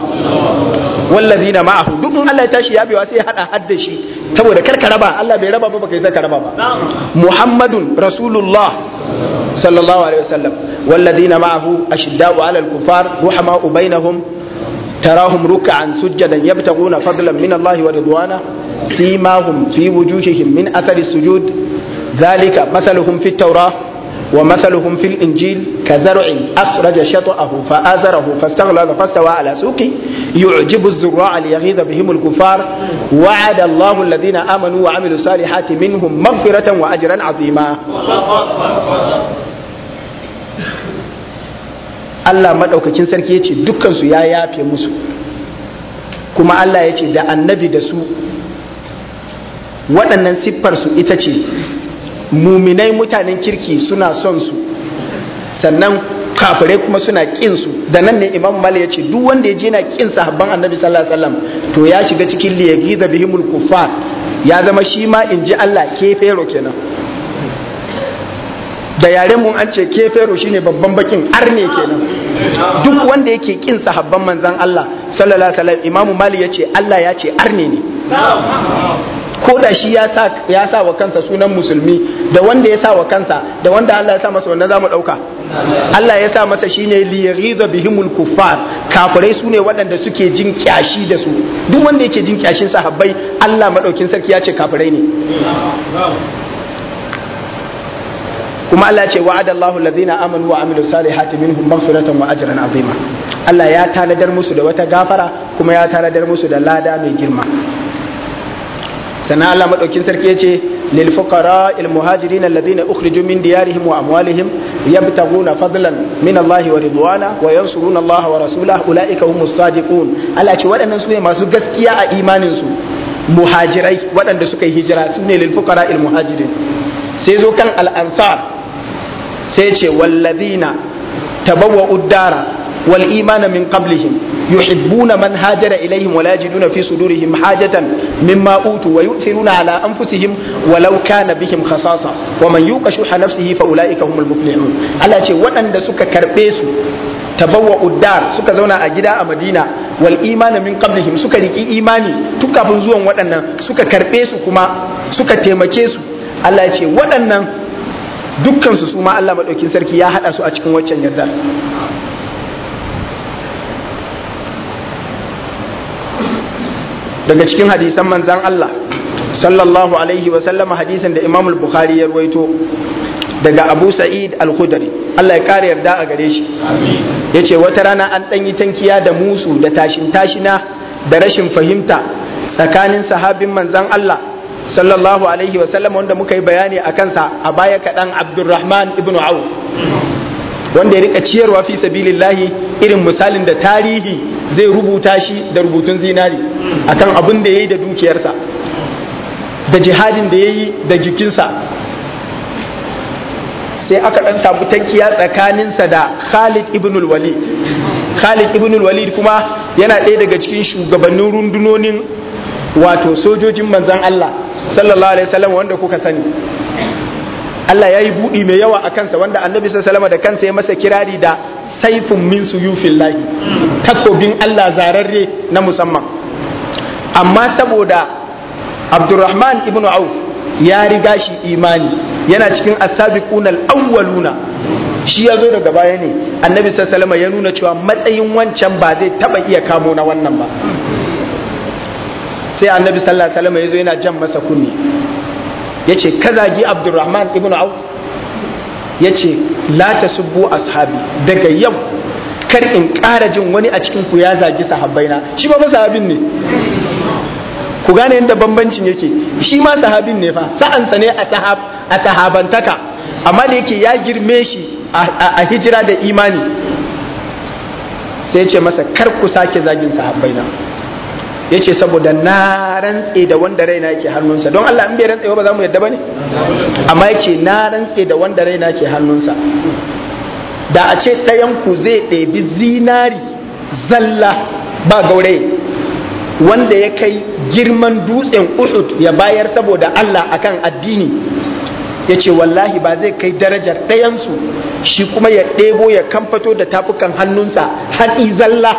wallazi na ma'ahu duk in Allah ya tashi ya biwa sai hada hadda shi saboda kar ka raba Allah bai raba ba baka yi ka raba ba Muhammadun Rasulullah sallallahu alaihi wasallam wallazi na ma'ahu ashidda'u alal kufar ruhama'u bainahum tarahum ruk'an sujjadan yabtaguna fadlan min Allah wa ridwana fima hum fi wujuhihim min athari sujud ذلك مثلهم في التوراه ومثلهم في الإنجيل كزرع أخرج شطأه فآزره فاستغلظ فاستوى على سوقه يعجب الزراع ليغيظ بهم الكفار وعد الله الذين آمنوا وعملوا الصالحات منهم مغفرة وأجرا عظيما Allah maɗaukakin sarki ya ce dukkansu ya yafe musu kuma Allah ya ce da annabi da su waɗannan siffarsu ita ce muminai mutanen kirki suna son su sannan kafirai kuma suna kin su da nan ne imam malik ya ce duk wanda ya je na kin sahabban annabi sallallahu to ya shiga cikin da bihimul kufar ya zama shi ma in ji Allah kefero kenan da yaren mun an ce kefero shine babban bakin arne kenan duk wanda yake kin sahabban manzon Allah sallallahu alaihi wasallam imam malik ya ce Allah ya ce arne ne ko da shi ya sa wa kansa sunan musulmi da wanda ya sa wa kansa da wanda Allah ya sa masa wannan zamu dauka Allah ya sa masa shine li bihimul kuffar kafirai sune waɗanda suke jin kyashi da su duk wanda yake jin kyashin sahabbai Allah madaukin sarki ya ce kafirai ne kuma Allah ce wa'ada Allahu allazina amanu wa amilus salihati minhum maghfiratan wa ajran azima Allah ya tanadar musu da wata gafara kuma ya tanadar musu da lada mai girma sannan Allah madaukin sarki ce lil fuqara al muhajirin alladhina ukhriju min diyarihim wa amwalihim yabtaguna fadlan min Allah wa ridwana wa yansuruna Allah wa rasulahu ulaika humus sadiqun Allah ce waɗannan su ne masu gaskiya a imanin su muhajirai waɗanda suka yi hijira su ne lil fuqara al muhajirin sai zo kan al ansar sai ce walladhina tabawwa'u dara wal imana min qablihim yuhibbuna man hajara ilaihim wa la yajiduna fi sudurihim hajatan mimma utu wa yu'thiruna ala anfusihim walau kana bihim khasasa wa man yuqa shuha nafsihi fa ulaika humul muflihun Allah ce waɗanda suka karbe su tabawwa uddar suka zauna a gida a Madina wal min qablihim suka riki imani tun kafin zuwan waɗannan suka karbe su kuma suka taimake su Allah ce waɗannan dukkansu suma Allah maɗaukin sarki ya haɗa su a cikin waccan yardar daga cikin hadisan manzan Allah sallallahu alaihi wa sallama hadisin da Imamul Bukhari ya ruwaito daga Abu Sa'id Al-Khudri Allah ya kare yarda a gare shi yace wata rana an dan yi tankiya da musu da tashin tashina da rashin fahimta tsakanin sahabin manzan Allah sallallahu alaihi wa sallama. wanda muka yi bayani a kansa a baya kaɗan Abdurrahman ibn Auf wanda ya rika ciyarwa fi sabilillahi irin misalin da tarihi zai rubuta shi da rubutun zinari akan abin da ya yi da dukiyarsa da jihadin da yayi da jikinsa sai aka dan samu tankiya tsakaninsa da Khalid ibn walid Khalid ibn walid kuma yana ɗaya daga cikin shugabannin rundunonin wato sojojin manzon Allah sallallahu alaihi wasallam wanda kuka sani Allah ya yi buɗi mai yawa a kansa wanda annabi salama da kansa ya masa kirari da saifin min su fi lahi takobin Allah zararre na musamman amma saboda Abdurrahman ibn Auf ya riga shi imani yana cikin asabi sabiqun al shi ya zo daga baya ne annabi salama ya nuna cewa matsayin wancan ba zai taba iya kamo na wannan ba sai annabi sallallahu alaihi wasallam ya zo yana jan masa kunni yace zagi abdurrahman ibnu auf yace la tasubbu ashabi daga yau kar in ƙara jin wani a cikin ku ya zagi sahabbaina shi ba sahabin ne ku gane yadda bambancin yake shi ma sahabin ne fa sa'ansa ne a sahab a sahabantaka amma da yake ya girme shi a hijira da imani sai ce masa kar ku sake zagin sahabbaina yace saboda na rantse da wanda raina ke hannunsa don Allah in bai rantse ba za mu yadda bane amma yace na rantse da wanda raina ke hannunsa da a ce ɗayan ku zai ɗebi zinari zalla ba gaure wanda ya kai girman dutsen Uhud ya bayar saboda Allah akan addini Yace wallahi ba zai kai darajar ɗayansu shi kuma ya ɗebo ya kamfato da tafukan hannunsa har zalla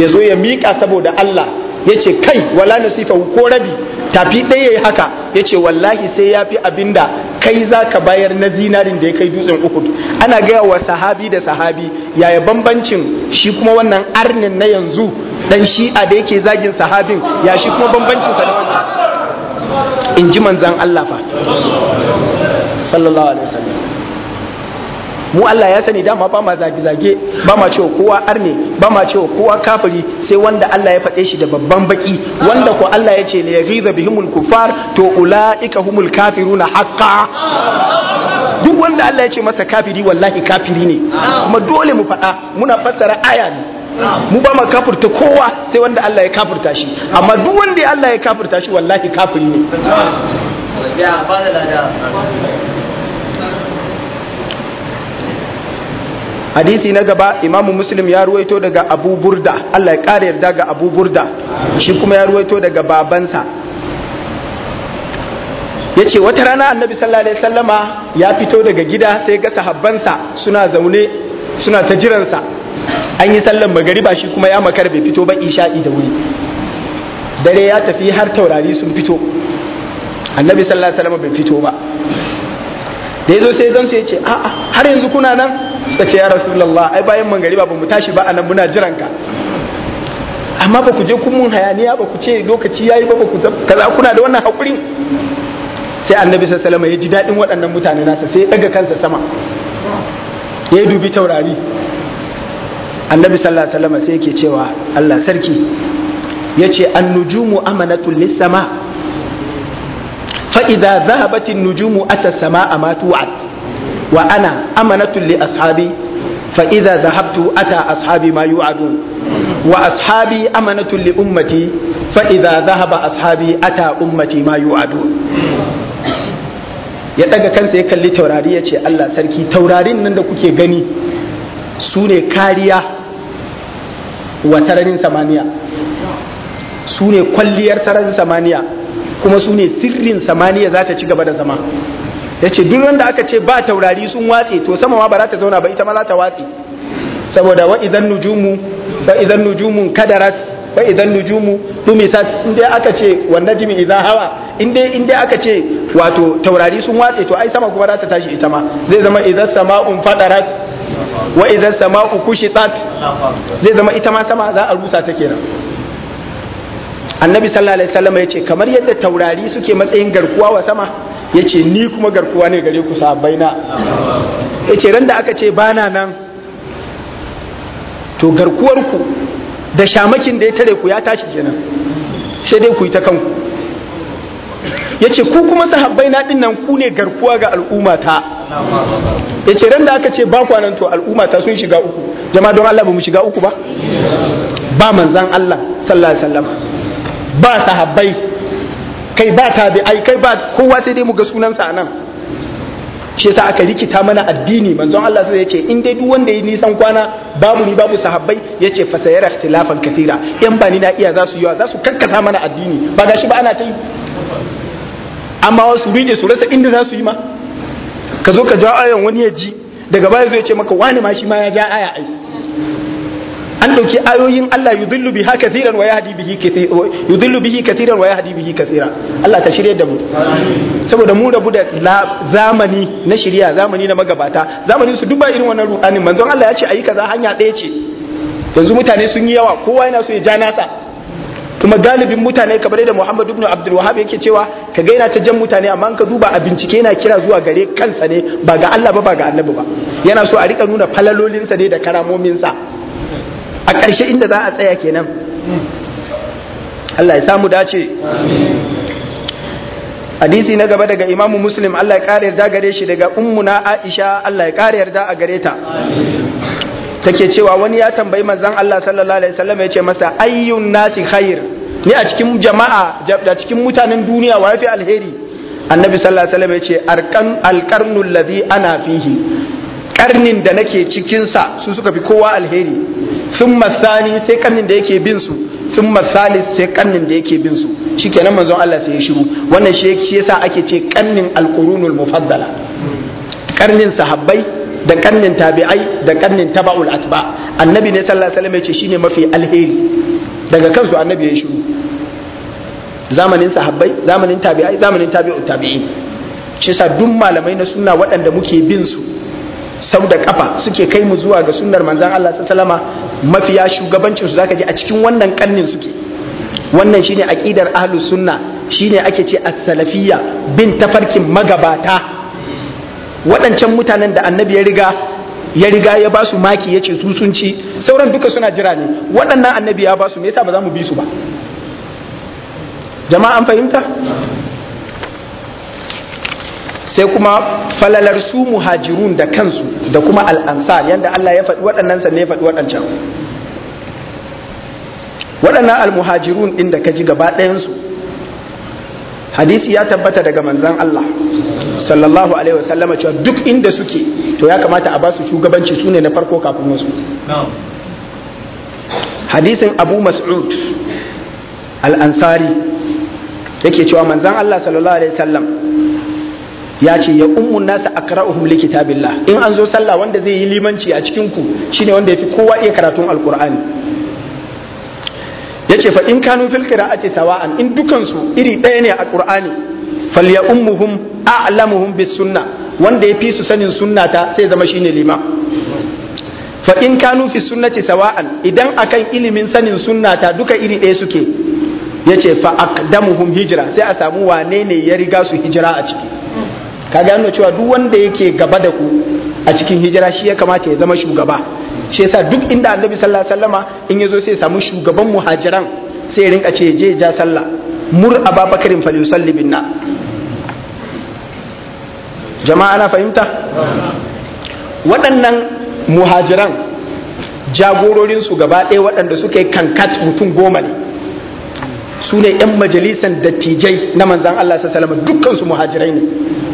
ya zo ya miƙa saboda Allah yace kai wala nasifa ko rabi tafi ɗaya yi haka yace wallahi sai ya yafi da kai za ka bayar na zinarin da ya kai dutsen uku. ana gaya wa sahabi da sahabi yaya bambancin shi kuma wannan arnin na yanzu dan shi'a da yake zagin sahabin ya shi kuma bambancin sa da wancan in ji manzan Allah fa sallallahu alaihi wasallam mu Allah ya sani dama ba ma zage-zage ba ma cewa kowa arne ba ma cewa kowa kafiri sai wanda Allah ya faɗe shi da babban baki wanda ko Allah ya ce ya ghiza bihimul kufar to ulaika humul kafiruna haqqa duk wanda Allah ya ce masa kafiri wallahi kafiri ne kuma dole mu faɗa muna fassara aya ne mu ba ma kafirta kowa sai wanda Allah ya kafurta shi amma duk wanda Allah ya kafirta shi wallahi kafiri ne hadisi na gaba imamu muslim ya ruwaito daga abu burda allah ya ƙara yarda ga abu burda shi kuma ya ruwaito daga babansa ya ce wata rana annabi sallallahu alaihi sallama ya fito daga gida sai ga sahabbansa suna zaune suna ta jiransa an yi sallan ba shi kuma ya makar bai fito ba isha'i da wuri dare ya tafi har taurari sun fito annabi sallallahu alaihi sallama bai fito ba da ya zo sai gansu ya ce a'a har yanzu kuna nan suka ce ya lalla, ai bayan mangariba ba mu tashi ba anan muna jiran ka amma ba ku je kun mun hayaniya ba ku ce lokaci yayi ba ba ku kaza kuna da wannan hakuri sai annabi sallallahu alaihi wasallam ya ji dadin waɗannan mutane nasa sai daga kansa sama ya dubi taurari annabi sallallahu alaihi wasallam sai yake cewa Allah sarki yace an-nujumu amanatul lis-sama fa idza dhahabatin nujumu ata samaa ma wa ana amanatun li ashabi fa idza dhahabtu ata ashabi ma yu'adun wa ashabi amanatun li ummati fa idza dhahaba ashabi ata ummati ma ya daga kansa ya kalli taurari ya ce Allah sarki taurarin nan da kuke gani su ne kariya wa sararin samaniya su ne kwalliyar sararin samaniya kuma su ne sirrin samaniya za ta ci gaba da zama ya ce duk wanda aka ce ba taurari sun watse to sama ma ba za ta zauna ba ita ma za ta watse saboda wa idan nujumu fa idan nujumu kadarat fa idan nujumu dumisat inda aka ce wannan jimi idza hawa Inda inda aka ce wato taurari sun watse to ai sama kuma za ta tashi ita ma zai zama idan sama'un fadarat wa idan sama'u kushitat zai zama ita ma sama za a rusa ta kenan annabi sallallahu alaihi wasallam ya ce kamar yadda taurari suke matsayin garkuwa wa sama ya ce ni kuma garkuwa ne gare ku sahabai na ya ce da aka ce bana nan to garkuwarku da shamakin da ya tare ku ya tashi kenan sai dai ku yi ta kanku ya ce ku kuma sahabbai na ɗin nan ku ne garkuwa ga al'umata ya ce randa aka ce ba kwanan to al'umata sun shiga uku jama don Allah ba mu shiga uku ba ba manzan Allah sallallahu alaihi wasallam ba sahabbai kai ba ai kai ba kowa sai dai mu ga sunansa anan shi yasa aka rikita mana addini manzon Allah sai yace in dai duk wanda yi nisan kwana babu ni babu sahabbai ya ce sayara ikhtilafan kathira yan ba ni na iya za su wa? za su kakkasa mana addini ba gashi ba ana ta yi amma wasu rige su rasa inda za su yi ma ka zo ka ja ayan wani ya ji daga baya zai ce maka wani ma shi ma ya ja aya ai an dauki ayoyin Allah yudullu biha kathiran wa yahdi bihi kathiran bihi kathiran wa yahdi bihi Allah ta shirye da mu saboda mu rabu da zamani na shirya zamani na magabata zamani su duba irin wannan rudanin manzon Allah ya ce ayi kaza hanya ɗaya ce yanzu mutane sun yi yawa kowa yana so ya ja nasa kuma galibin mutane kamar da Muhammad ibn Abdul Wahhab yake cewa ka ga yana ta jan mutane amma ka duba a bincike yana kira zuwa gare kansa ne ba ga Allah ba ba ga Annabi ba yana so a rika nuna falalolinsa ne da karamominsa a ƙarshe inda za a tsaya kenan Allah ya samu dace hadisi na gaba daga imamu muslim Allah ya ƙara yarda gare shi daga ummuna aisha Allah ya ƙara yarda a gare ta take cewa wani ya tambayi manzon Allah sallallahu alaihi wasallam ya ce masa ayyun nasi khair ni a cikin jama'a da cikin mutanen duniya wa yafi alheri annabi sallallahu alaihi wasallam ya ce arkan alqarnul ladhi ana fihi karnin da nake cikinsa su suka fi kowa alheri sun masani sai kannin da yake bin su sun masali sai kannin da yake bin su kenan manzon Allah sai ya shiru wannan shi yasa ake ce kannin alqurunul mufaddala karnin sahabbai da karnin tabi'ai da karnin tabaul atba annabi ne sallallahu alaihi wasallam ya ce shine mafi alheri daga kansu annabi ya shiru zamanin sahabbai zamanin tabi'ai zamanin tabi'ut tabi'i shi yasa duk malamai na sunna waɗanda muke bin su sau da kafa suke kai mu zuwa ga sunnar manzan Allah sallama mafiya shugabancin su zaka je a cikin wannan kannin suke wannan shine aqidar ahlus sunna shine ake ce as-salafiyya bin tafarkin magabata waɗancan mutanen da annabi ya riga ya riga ya ba su maki ya ce su sauran duka suna jira ne waɗannan annabi ya ba su me yasa ba za mu bi su ba Jama'an fahimta sai kuma falalar su muhajirun da kansu da kuma al'ansar yadda Allah ya faɗi waɗannan sannan ya faɗi waɗancan waɗannan muhajirun ɗin da ka ji gaba ɗayansu hadisi ya tabbata daga manzan Allah sallallahu alaihi wasallama cewa duk inda suke to ya kamata a ba su shugabanci su ne na farko kafin wasu hadisin abu mas'ud al-Ansari ansari yake cewa manzan Allah sallallahu alaihi wasallam ya ce ya ummun nasa akra'uhum likitabillah in an zo sallah wanda zai yi limanci a cikin ku shine wanda yafi kowa iya karatun Ya yace fa in kanu fil ake sawa'an in dukansu iri ɗaya ne a ƙur'ani qur'ani falya ummuhum a'lamuhum bis sunna wanda ya fi su sanin ta sai zama shine lima fa in kanu fi sunnati sawa'an idan akan ilimin sanin sunnata duka iri ɗaya suke yace fa aqdamuhum hijra sai a samu wane ne ya riga su hijira a ciki ka gano cewa duk wanda yake gaba da ku a cikin hijira shi ya kamata ya zama shugaba shi yasa duk inda annabi sallallahu alaihi wasallama in yazo sai ya samu shugaban muhajiran sai ya rinka ce je ja sallah mur ababakarin yusalli bin nas jama'a na fahimta waɗannan muhajiran jagororin su gaba ɗaya waɗanda suka yi kankat mutum goma ne su ne 'yan majalisan dattijai na manzan Allah sallallahu alaihi dukkan dukkansu muhajirai ne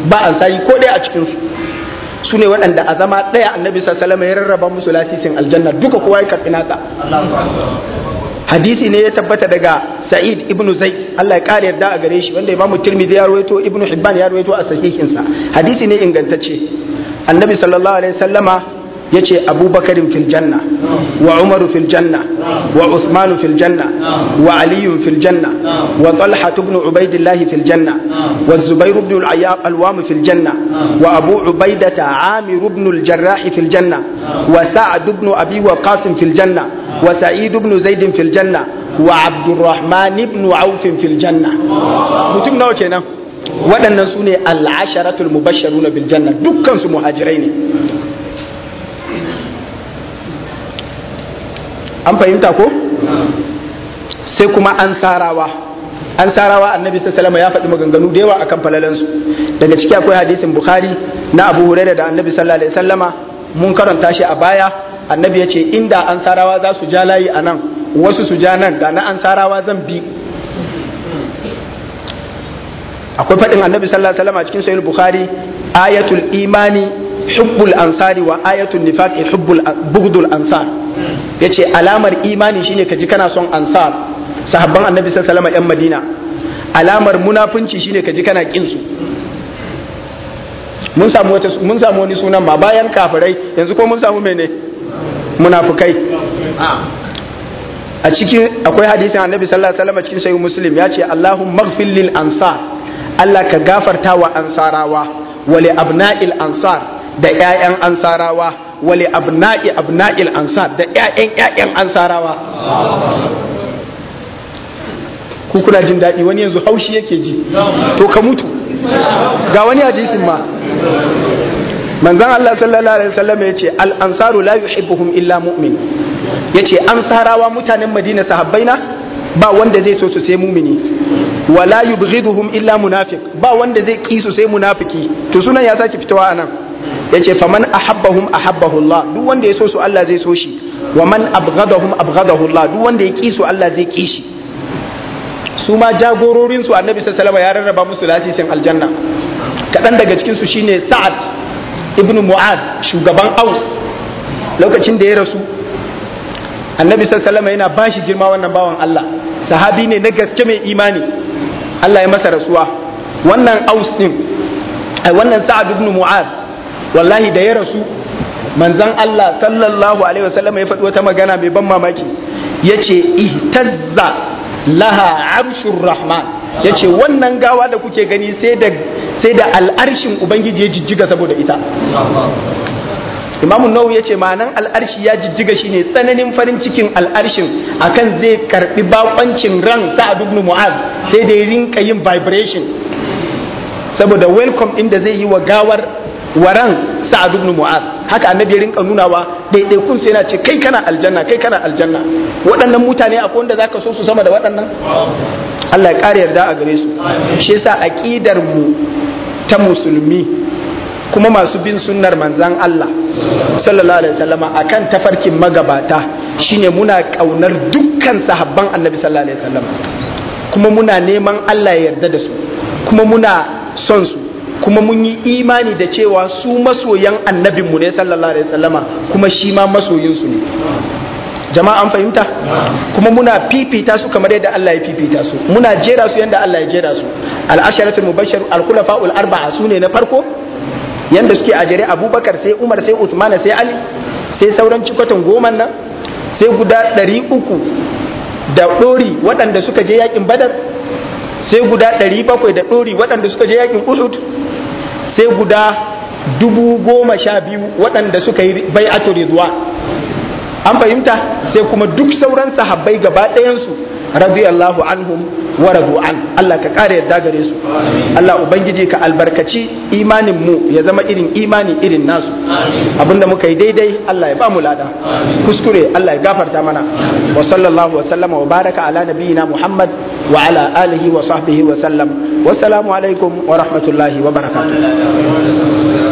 ba sayi ko ɗaya a cikinsu su ne waɗanda a zama ɗaya annabi Sallallahu alaihi wasallam ya rarraba musu lasisin aljanna duka kowa ya karɓi nasa hadisi ne ya tabbata daga sa'id ibnu zaid Allah ya kare yarda a gare shi wanda imamu tirmidhi ya rawaito ibn hibban ya rawaito a sahihinsa hadisi ne ingantacce annabi sallallahu alaihi wasallama ya ce abubakarin filjanna wa umaru filjanna wa usmanu filjanna wa aliyun filjanna wa talha ibn ubaidillah fil wa zubairu ibn al-awwam fil wa abu ubaidata amir ibn al-jarrah fil wa sa'ad ibn abi waqas fil wa sa'id ibn zaid fil janna wa abdurrahman ibn auf fil mutum nawa kenan waɗannan su ne al'asharatul mubashsharuna bil janna dukkan su muhajirai ne an fahimta ko sai kuma ansarawa ansarawa annabi sallallahu ya faɗi maganganu da yawa akan falalansu daga ciki akwai hadisin bukhari na abu hurairah da annabi sallallahu alaihi mun karanta shi a baya annabi yace, ce inda ansarawa za su ja layi a wasu su ja nan da na ansarawa zan bi akwai faɗin annabi sallallahu alaihi wasallam cikin sahih bukhari ayatul imani hubbul ansari wa ayatul nifaqi hubbul bughdul ansar yace alamar imani shine kaji kana son ansar sahabban annabi sallallahu alaihi wasallam yan madina alamar munafunci shine kaji kana kin su mun samu wata mun samu wani sunan ba bayan kafirai yanzu ko mun samu mene munafukai a cikin akwai hadisin annabi sallallahu alaihi wasallam cikin sahih muslim ya ce allahumma maghfir lil ansar allah ka gafarta wa ansarawa wa li abna'il ansar da ƴaƴan ansarawa wali abna'i abna'il ansar da ƴaƴan ƴaƴan ansarawa ku kuna jin daɗi wani yanzu haushi yake ji to ka mutu ga wani hadisin ma manzon Allah sallallahu alaihi wasallam ya ce al ansaru la yuhibbuhum illa mu'min yace ansarawa mutanen Madina sahabbaina ba wanda zai so su sai mumini wala yubghiduhum illa munafiq ba wanda zai kisu sai munafiki to sunan ya saki fitowa anan yace faman ahabbahum ahabbahullah duk wanda ya so su Allah zai so shi wa man abghadahum abghadahullah duk wanda ya ki su Allah zai ki shi su ma jagororin su annabi sallallahu ya rarraba musu lasisin aljanna kadan daga cikin su shine sa'ad Ibnu mu'ad shugaban aus lokacin da ya rasu annabi sallallahu yana bashi girma wannan bawan Allah sahabi ne na gaske mai imani Allah ya masa rasuwa wannan aus din ai wannan sa'ad Ibnu mu'ad wallahi da ya rasu manzan Allah sallallahu alaihi wasallam ya faɗi wata magana mai ban mamaki ya ce ihtazza laha rahma. rahman ce wannan gawa da kuke gani sai da al'arshin ubangiji ya jijjiga saboda ita imamun nawawi ya ce ma'anan al'arshi ya jijjiga shi ne tsananin farin cikin al'arshin akan zai karbi bakoncin ran a duk mu'az sai da ya rinka yin vibration saboda welcome inda zai yi wa gawar waran sa'ad ibn mu'ad haka annabi ya rinka nunawa kun sai yana ce kai kana aljanna kai kana aljanna waɗannan mutane akwai wanda zaka so su sama da waɗannan Allah ya ƙara yarda a gare su shi yasa aqidar mu ta musulmi kuma masu bin sunnar manzan Allah sallallahu alaihi wasallama akan tafarkin magabata shine muna kaunar dukkan sahabban annabi sallallahu alaihi wasallama kuma muna neman Allah ya yarda da su kuma muna son su kuma mun yi imani da cewa su masoyan annabinmu ne sallallahu alaihi wasallama kuma shi ma masoyinsu ne jama'a an fahimta kuma muna fifita su kamar yadda Allah ya fifita su muna jera su yadda Allah ya jera su al-asharatul mubashshar al-khulafa'ul arba'a su ne na farko yanda suke a jere Abubakar sai Umar sai Uthman sai Ali sai sauran cikotan goman nan sai guda ɗari uku da ɗori waɗanda suka je yakin Badar sai guda 700 da ɗori waɗanda suka je yakin uhud sai guda dubu goma sha biyu waɗanda suka yi bai ato ridwan an fahimta sai kuma duk sauran sahabbai gaba ɗayansu radiyallahu anhum wa radu Allah ka kare yadda gare su Allah ubangiji ka albarkaci imanin mu ya zama irin imani irin nasu abinda muka yi daidai Allah ya ba mu lada kuskure Allah ya gafarta mana wa sallallahu wa sallama wa baraka ala nabiyina Muhammad wa ala alihi wa sahbihi wa sallam wassalamu alaikum wa rahmatullahi wa barakatuh